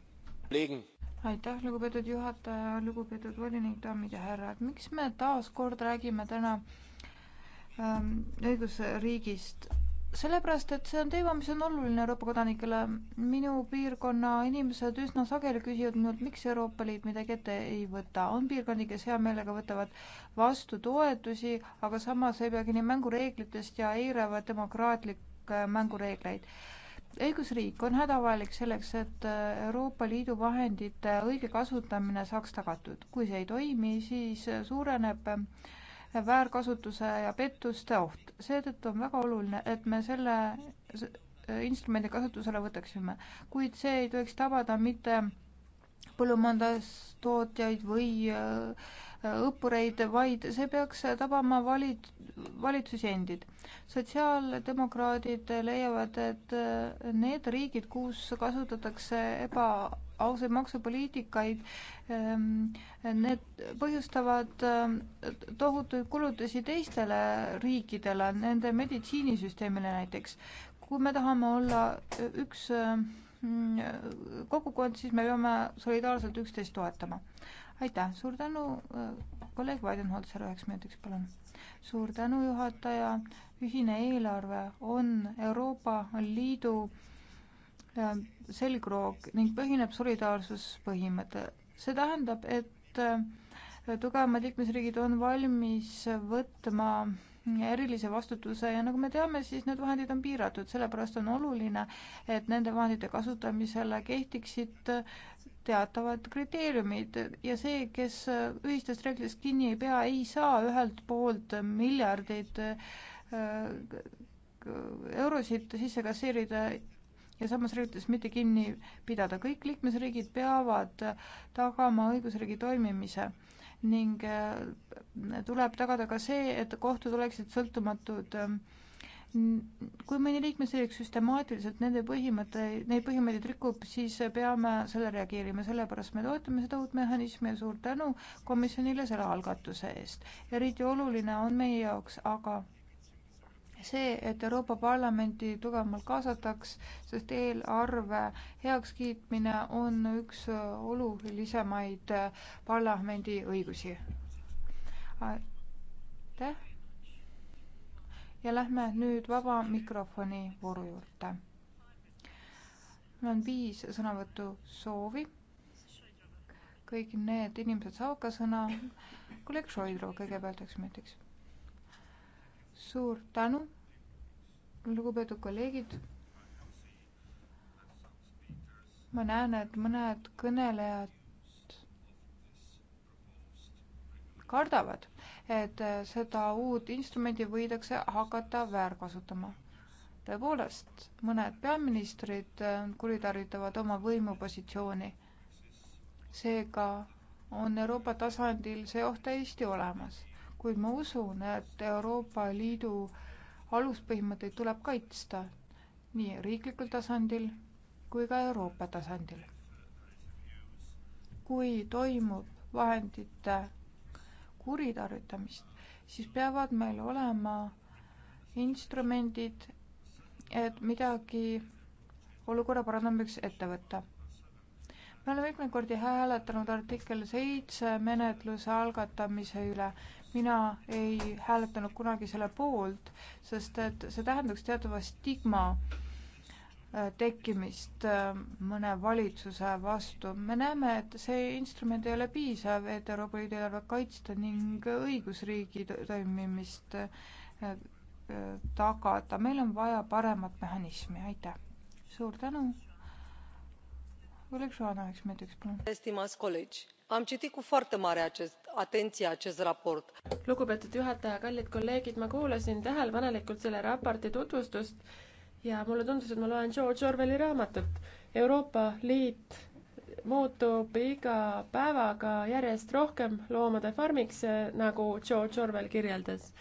aitäh, lugupeetud juhataja, lugupeetud volinik, daamid ja härrad, miks me taas kord räägime täna ähm, õigusriigist sellepärast, et see on teema, mis on oluline Euroopa kodanikele. minu piirkonna inimesed üsna sageli küsivad minult, miks Euroopa Liit midagi ette ei võta. on piirkondi, kes hea meelega võtavad vastu toetusi, aga samas ei pea kinni mängureeglitest ja eiravad demokraatlikke mängureegleid. õigusriik on hädavajalik selleks, et Euroopa Liidu vahendite õige kasutamine saaks tagatud. kui see ei toimi, siis suureneb äh, väärkasutuse ja pettuste oht. seetõttu on väga oluline, et me selle instrumendi kasutusele võtaksime, kuid see ei tohiks tabada mitte põllumajandustootjaid või äh, õppureid, vaid see peaks tabama valit-, valitsusi endid. sotsiaaldemokraadid leiavad, et äh, need riigid, kus kasutatakse eba ausaid maksupoliitikaid. Ehm, need põhjustavad ehm, tohutuid kulutusi teistele riikidele, nende meditsiinisüsteemile näiteks. kui me tahame olla üks ehm, kogukond, siis me peame solidaarselt üksteist toetama. aitäh, suur tänu, kolleeg Weidenholzer üheks minutiks, palun. suur tänu, juhataja. ühine eelarve on Euroopa Liidu Äh, selgroog ning põhineb solidaarsuspõhimõte. see tähendab, et äh, tugevamad liikmesriigid on valmis võtma erilise vastutuse ja nagu me teame, siis need vahendid on piiratud, sellepärast on oluline, et nende vahendite kasutamisele kehtiksid äh, teatavad kriteeriumid ja see, kes ühistest reeglitest kinni ei pea, ei saa ühelt poolt miljardeid eurosid sisse kasseerida ja samas reeglitest mitte kinni pidada. kõik liikmesriigid peavad tagama õigusriigi toimimise ning äh, tuleb tagada ka see, et kohtud oleksid sõltumatud. kui mõni liikmesriik süstemaatiliselt nende põhimõtteid, neid põhimõtteid rikub, siis peame selle reageerima, sellepärast me toetame seda uut mehhanismi ja suur tänu komisjonile selle algatuse eest. eriti oluline on meie jaoks aga see, et Euroopa Parlamenti tugevamalt kaasataks, sest eelarve heakskiitmine on üks olulisemaid parlamendi õigusi. aitäh! ja lähme nüüd vaba mikrofoni vooru juurde. mul on viis sõnavõtusoovi kõik need inimesed saavad ka sõna. kolleeg Šoidro kõigepealt üks minutiks suur tänu, lugupeetud kolleegid. ma näen, et mõned kõnelejad kardavad, et seda uut instrumenti võidakse hakata väärkasutama. tõepoolest, mõned peaministrid kuritarvitavad oma võimupositsiooni. seega on Euroopa tasandil see oht täiesti olemas kuid ma usun, et Euroopa Liidu aluspõhimõtteid tuleb kaitsta nii riiklikul tasandil kui ka Euroopa tasandil. kui toimub vahendite kuritarvitamist, siis peavad meil olema instrumendid, et midagi olukorra parandamiseks ette võtta me oleme mitmeid kordi hääletanud artikkel seitse menetluse algatamise üle. mina ei hääletanud kunagi selle poolt, sest et see tähendaks teatava stigma äh, tekkimist äh, mõne valitsuse vastu. me näeme, et see instrument ei ole piisav, et Euroopa Liidu eelarvet kaitsta ning õigusriigi toimimist äh, tagada. meil on vaja paremat mehhanismi, aitäh. suur tänu Coleg Joana, üks minut, üks minut. Estimați colegi, am citit cu foarte mare acest, atenție acest raport. Lugupeetud juhataja, kallid kolleegid, ma kuulasin tähelepanelikult selle raporti tutvustust ja mulle tundus, et ma loen George Orwelli raamatut. Euroopa Liit muutub iga päevaga järjest rohkem loomade farmiks, nagu George Orwell kirjeldas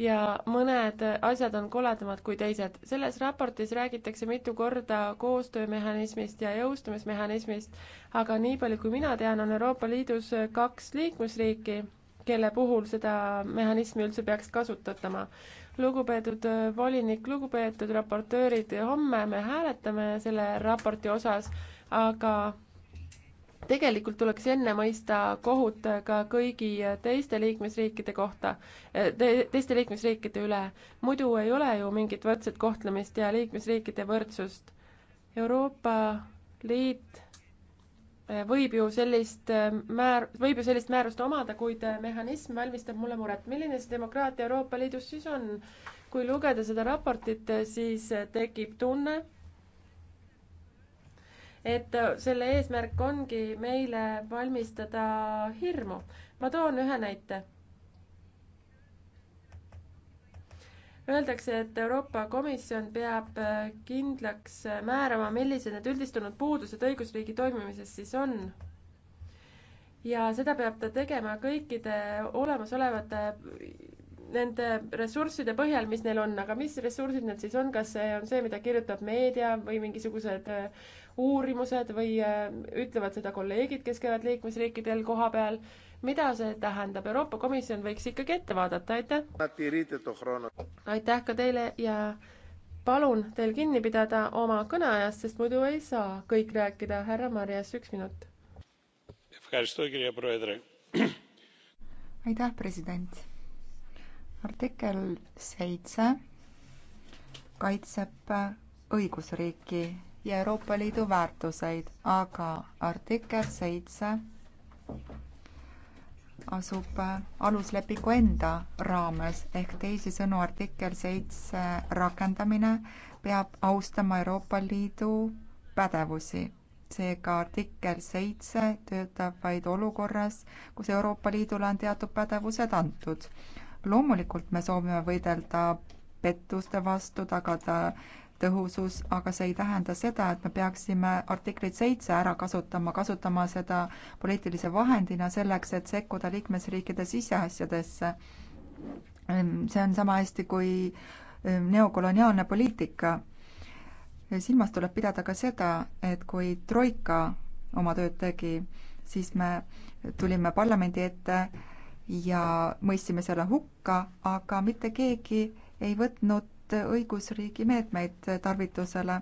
ja mõned asjad on koledamad kui teised. selles raportis räägitakse mitu korda koostöömehhanismist ja jõustumismehhanismist, aga nii palju, kui mina tean, on Euroopa Liidus kaks liikmesriiki, kelle puhul seda mehhanismi üldse peaks kasutatama. lugupeetud volinik, lugupeetud raportöörid, homme me hääletame selle raporti osas, aga tegelikult tuleks enne mõista kohut ka kõigi teiste liikmesriikide kohta eh, te,, teiste liikmesriikide üle. muidu ei ole ju mingit võrdset kohtlemist ja liikmesriikide võrdsust. Euroopa Liit eh, võib ju sellist eh, määr-, võib ju sellist määrust omada, kuid mehhanism valmistab mulle muret. milline see demokraatia Euroopa Liidus siis on? kui lugeda seda raportit, siis tekib tunne, et äh, selle eesmärk ongi meile valmistada hirmu. ma toon ühe näite. Öeldakse, et Euroopa Komisjon peab äh, kindlaks äh, määrama, millised need üldistunud puudused õigusriigi toimimises siis on ja seda peab ta tegema kõikide olemasolevate nende ressursside põhjal, mis neil on, aga mis ressursid need siis on, kas see on see, mida kirjutab meedia või mingisugused uurimused või äh, ütlevad seda kolleegid, kes käivad liikmesriikidel kohapeal. mida see tähendab, Euroopa Komisjon võiks ikkagi ette vaadata, aitäh. aitäh ka teile ja palun teil kinni pidada oma kõneajast, sest muidu ei saa kõik rääkida. härra Marjas, üks minut. aitäh, president. artikkel seitse kaitseb õigusriiki ja Euroopa Liidu väärtuseid, aga artikkel seitse asub aluslepingu enda raames ehk teisisõnu artikkel seitse rakendamine peab austama Euroopa Liidu pädevusi. seega artikkel seitse töötab vaid olukorras, kus Euroopa Liidule on teatud pädevused antud. loomulikult me soovime võidelda pettuste vastu, tagada tõhusus, aga see ei tähenda seda, et me peaksime artiklit seitse ära kasutama, kasutama seda poliitilise vahendina selleks, et sekkuda liikmesriikide siseasjadesse. Ehm, see on sama hästi kui ehm, neokoloniaalne poliitika. silmas tuleb pidada ka seda, et kui Troika oma tööd tegi, siis me tulime parlamendi ette ja mõistsime selle hukka, aga mitte keegi ei võtnud poolt õigusriigi meetmeid tarvitusele.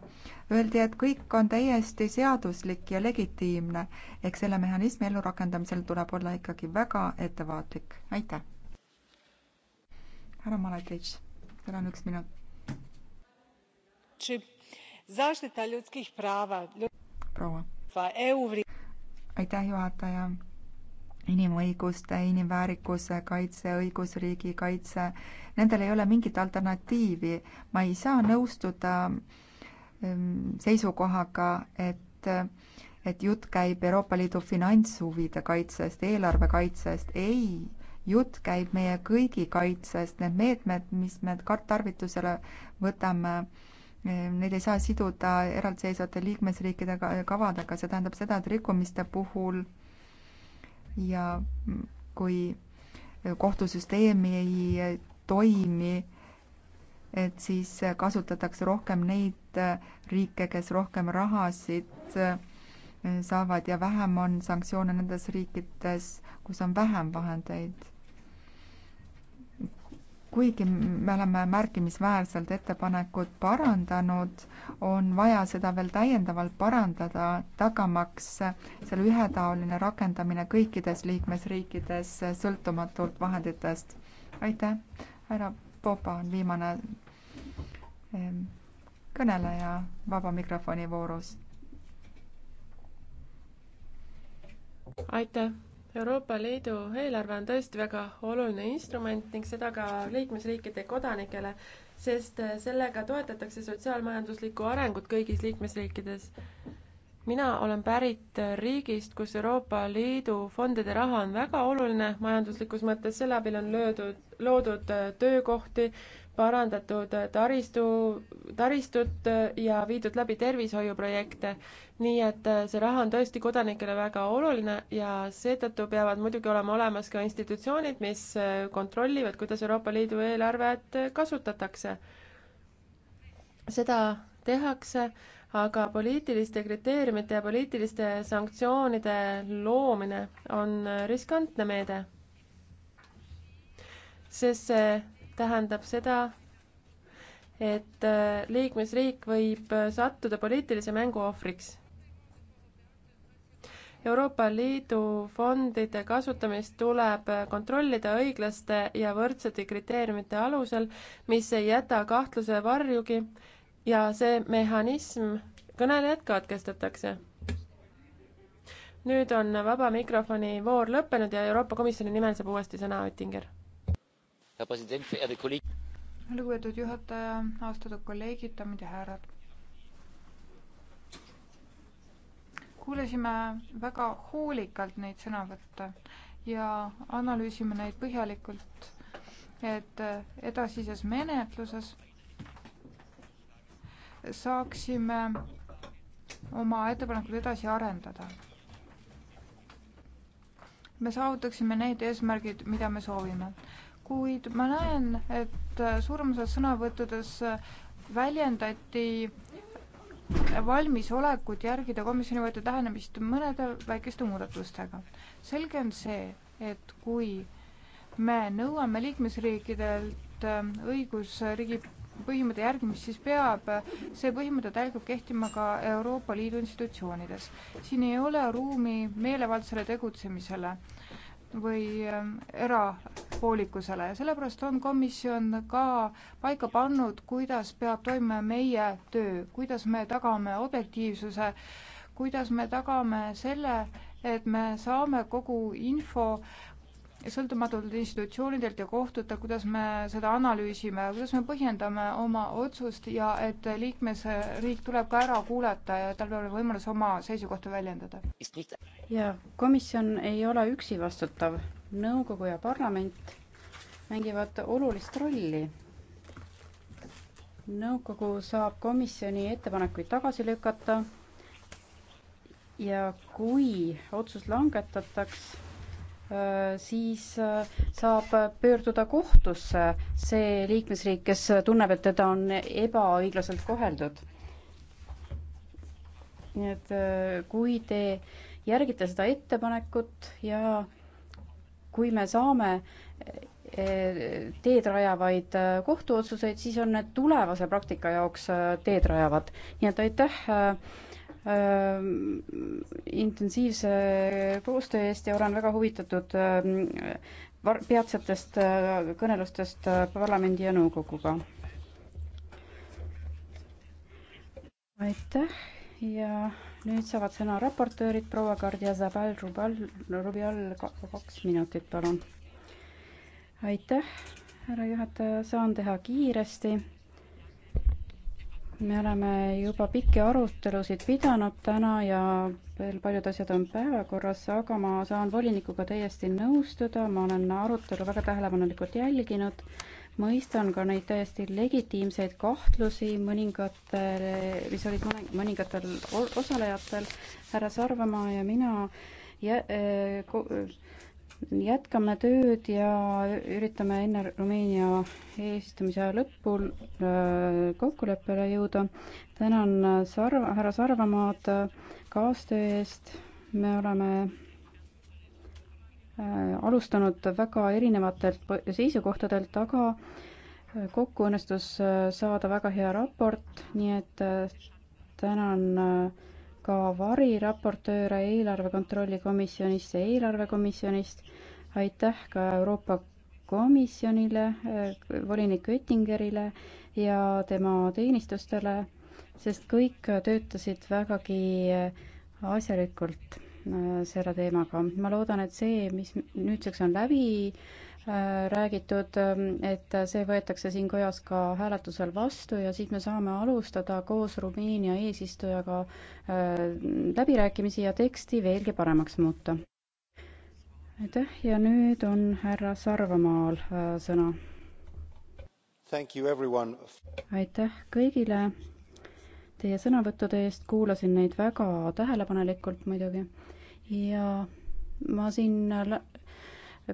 Öeldi, et kõik on täiesti seaduslik ja legitiimne, ehk selle mehhanismi ellurakendamisel tuleb olla ikkagi väga ettevaatlik. aitäh! härra Maletitš, teil on üks minut. proua. E aitäh, juhataja inimõiguste, inimväärikuse kaitse, õigusriigi kaitse, nendel ei ole mingit alternatiivi. ma ei saa nõustuda ehm, seisukohaga, et, et jutt käib Euroopa Liidu finantshuvide kaitsest, eelarve kaitsest, ei, jutt käib meie kõigi kaitsest, need meetmed, mis me tarvitusele võtame, ehm, neid ei saa siduda eraldiseisvate liikmesriikide kavadega, see tähendab seda, et rikkumiste puhul ja kui kohtusüsteem ei toimi, et siis kasutatakse rohkem neid riike, kes rohkem rahasid saavad ja vähem on sanktsioone nendes riikides, kus on vähem vahendeid kuigi me oleme märkimisväärselt ettepanekut parandanud, on vaja seda veel täiendavalt parandada, tagamaks selle ühetaoline rakendamine kõikides liikmesriikides sõltumatult vahenditest. aitäh, härra Popa on viimane ehm, kõneleja vaba mikrofoni voorus. aitäh Euroopa Liidu eelarve on tõesti väga oluline instrument ning seda ka liikmesriikide kodanikele, sest sellega toetatakse sotsiaalmajanduslikku arengut kõigis liikmesriikides mina olen pärit riigist, kus Euroopa Liidu fondide raha on väga oluline majanduslikus mõttes, selle abil on löödud, loodud töökohti, parandatud taristu, taristut ja viidud läbi tervishoiuprojekte. nii et see raha on tõesti kodanikele väga oluline ja seetõttu peavad muidugi olema olemas ka institutsioonid, mis kontrollivad, kuidas Euroopa Liidu eelarvet kasutatakse. seda tehakse, aga poliitiliste kriteeriumite ja poliitiliste sanktsioonide loomine on riskantne meede, sest see tähendab seda, et äh, liikmesriik võib äh, sattuda poliitilise mängu ohvriks. Euroopa Liidu fondide kasutamist tuleb äh, kontrollida õiglaste ja võrdsete kriteeriumite alusel, mis ei jäta kahtluse varjugi ja see mehhanism, kõnelejad katkestatakse. nüüd on vaba mikrofoni voor lõppenud ja Euroopa Komisjoni nimel saab uuesti sõna Oettinger. lugupeetud juhataja, austatud kolleegid, daamid ja härrad. kuulasime väga hoolikalt neid sõnavõtte ja analüüsime neid põhjalikult, et edasises menetluses saaksime oma ettepanekuid edasi arendada. me saavutaksime need eesmärgid, mida me soovime. kuid ma näen, et suurem osa sõnavõttudes väljendati valmisolekut järgida komisjoni võetud lähenemist mõnede väikeste muudatustega. selge on see, et kui me nõuame liikmesriikidelt õigusriigi põhimõtte järgimist, siis peab see põhimõte täielikult kehtima ka Euroopa Liidu institutsioonides. siin ei ole ruumi meelevaldsele tegutsemisele või ähm, erapoolikusele ja sellepärast on komisjon ka paika pannud, kuidas peab toimuma meie töö, kuidas me tagame objektiivsuse, kuidas me tagame selle, et me saame kogu info äh, sõltumatutelt institutsioonidelt ja kohtute, kuidas me seda analüüsime, kuidas me põhjendame oma otsust ja et liikmesriik tuleb ka ära kuulata ja tal peab olema võimalus oma seisukohta väljendada. ja komisjon ei ole üksi vastutav, nõukogu ja parlament mängivad olulist rolli. nõukogu saab komisjoni ettepanekuid tagasi lükata ja kui otsus langetataks, Äh, siis äh, saab pöörduda kohtusse see liikmesriik, kes tunneb, et teda on ebaõiglaselt koheldud. nii et äh, kui te järgite seda ettepanekut ja kui me saame teed rajavaid kohtuotsuseid, siis on need tulevase praktika jaoks teed rajavad. nii et aitäh äh, intensiivse koostöö eest ja olen väga huvitatud peatsetest kõnelustest parlamendi ja nõukoguga. aitäh ja nüüd saavad sõna raportöörid, proua Kardia Zabal Rubal, Rubial, kaks minutit, palun. aitäh, härra juhataja, saan teha kiiresti me oleme juba pikki arutelusid pidanud täna ja veel paljud asjad on päevakorras, aga ma saan volinikuga täiesti nõustuda, ma olen arutelu väga tähelepanelikult jälginud, mõistan ka neid täiesti legitiimseid kahtlusi mõningatele, mis olid mõningatel osalejatel, härra Sarvamaa ja mina jä-, eh, jätkame tööd ja üritame enne Rumeenia eesistumise aja lõpul äh, kokkuleppele jõuda. tänan äh, Sarv-, härra Sarvamaad äh, kaastöö eest, me oleme alustanud väga erinevatelt seisukohtadelt, aga kokku õnnestus saada väga hea raport, nii et tänan ka variraportööre eelarve kontrolli komisjonist ja eelarvekomisjonist. aitäh ka Euroopa Komisjonile, eh, volinik Oettingerile ja tema teenistustele, sest kõik töötasid vägagi eh, asjalikult eh, selle teemaga. ma loodan, et see, mis nüüdseks on läbi Äh, räägitud, ähm, et see võetakse siin kojas ka hääletusel vastu ja siis me saame alustada koos Rumeenia eesistujaga äh, läbirääkimisi ja teksti veelgi paremaks muuta. aitäh ja nüüd on härra Sarvamaal äh, sõna. aitäh kõigile teie sõnavõttude eest, kuulasin neid väga tähelepanelikult muidugi ja ma siin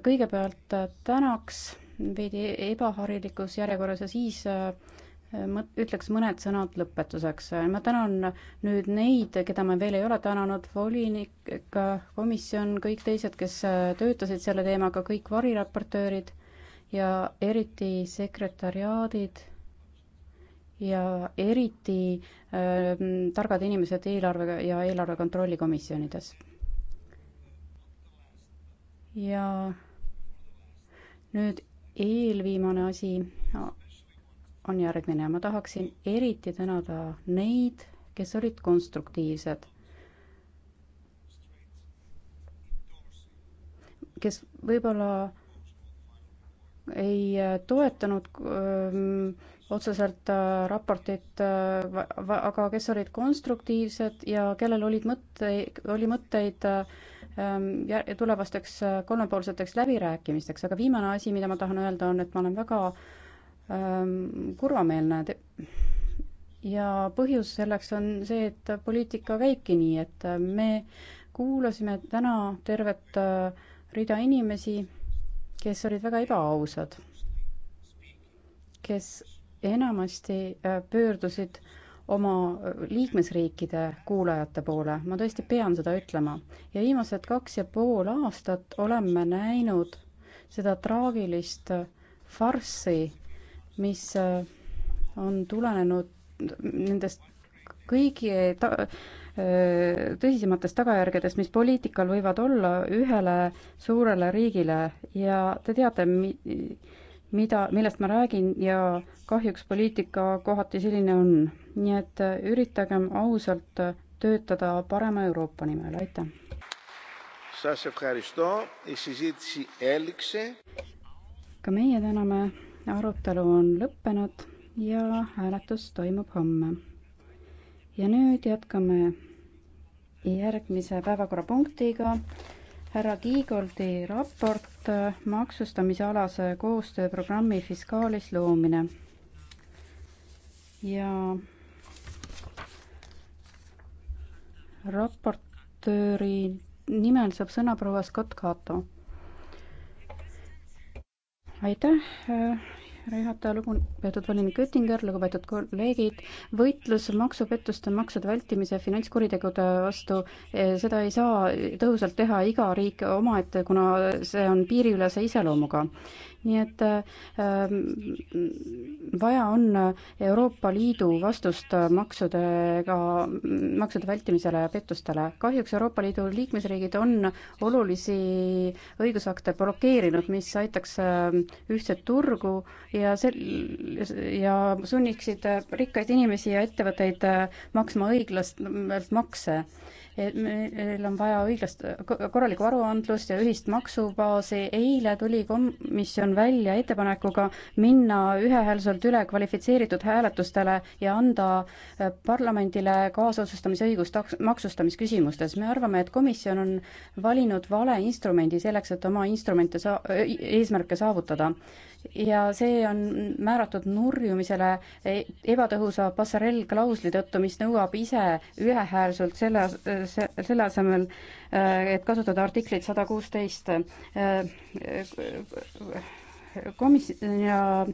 kõigepealt äh, tänaks veidi ebaharilikus järjekorras ja siis äh, mõt-, ütleks mõned sõnad lõpetuseks. Äh, ma tänan nüüd neid, keda me veel ei ole tänanud, volinik, komisjon, kõik teised, kes töötasid selle teemaga, kõik variraportöörid ja eriti sekretariaadid ja eriti äh, targad inimesed eelarve ja eelarve kontrolli komisjonides. ja nüüd eelviimane asi on järgmine. ma tahaksin eriti tänada neid, kes olid konstruktiivsed, kes võib-olla ei toetanud öö, otseselt äh, raportit, äh, aga kes olid konstruktiivsed ja kellel olid mõtte, oli mõtteid öö, äh, Ehm, tulevasteks äh, kolmepoolseteks läbirääkimisteks, aga viimane asi, mida ma tahan öelda, on, et ma olen väga ehm, kurvameelne ja põhjus selleks on see, et poliitika käibki nii, et äh, me kuulasime täna tervet äh, rida inimesi, kes olid väga ebaausad, kes enamasti pöördusid äh, oma äh, liikmesriikide kuulajate poole, ma tõesti pean seda ütlema. ja viimased kaks ja pool aastat oleme näinud seda traagilist äh, farssi, mis äh, on tulenenud nendest kõigi ta-, tõsisematest tagajärgedest, mis poliitikal võivad olla ühele suurele riigile ja te teate, mi-, mida, millest ma räägin ja kahjuks poliitika kohati selline on. nii et äh, üritagem ausalt äh, töötada parema Euroopa nimel, aitäh! ka meie täname, arutelu on lõppenud ja hääletus toimub homme. ja nüüd jätkame järgmise päevakorrapunktiga härra Kiigoldi raport äh, maksustamise alase koostööprogrammi fiskaalis loomine. ja raportööri nimel saab sõna proua Scott Cato. aitäh äh, härra juhataja, lugupeetud volinik Oettinger, lugupeetud kolleegid. võitlus maksupettuste, maksude vältimise, finantskuritegude vastu, eh, seda ei saa tõhusalt teha iga riik omaette, kuna see on piiriülese iseloomuga. nii et äh, vaja on Euroopa Liidu vastust maksudega, maksude vältimisele ja pettustele. kahjuks Euroopa Liidu liikmesriigid on olulisi õigusakte blokeerinud, mis aitaks ehm, ühtset turgu ja sel-, ja sunniksid rikkaid inimesi ja ettevõtteid äh, maksma õiglast mm, makse. et meil on vaja õiglast, korralikku aruandlust ja ühist maksubaasi, eile tuli komisjon välja ettepanekuga minna ühehäälselt üle kvalifitseeritud hääletustele ja anda äh, parlamendile kaasotsustamisõigus taks-, maksustamisküsimustes. me arvame, et komisjon on valinud vale instrumendi selleks, et oma instrumente saa-, e-, eesmärke saavutada ja see on määratud nurjumisele e-, ebatõhusa passarellklausli tõttu, mis nõuab ise ühehäälsult selle, selle asemel, e, et kasutada artiklit sada kuusteist e, komis- ja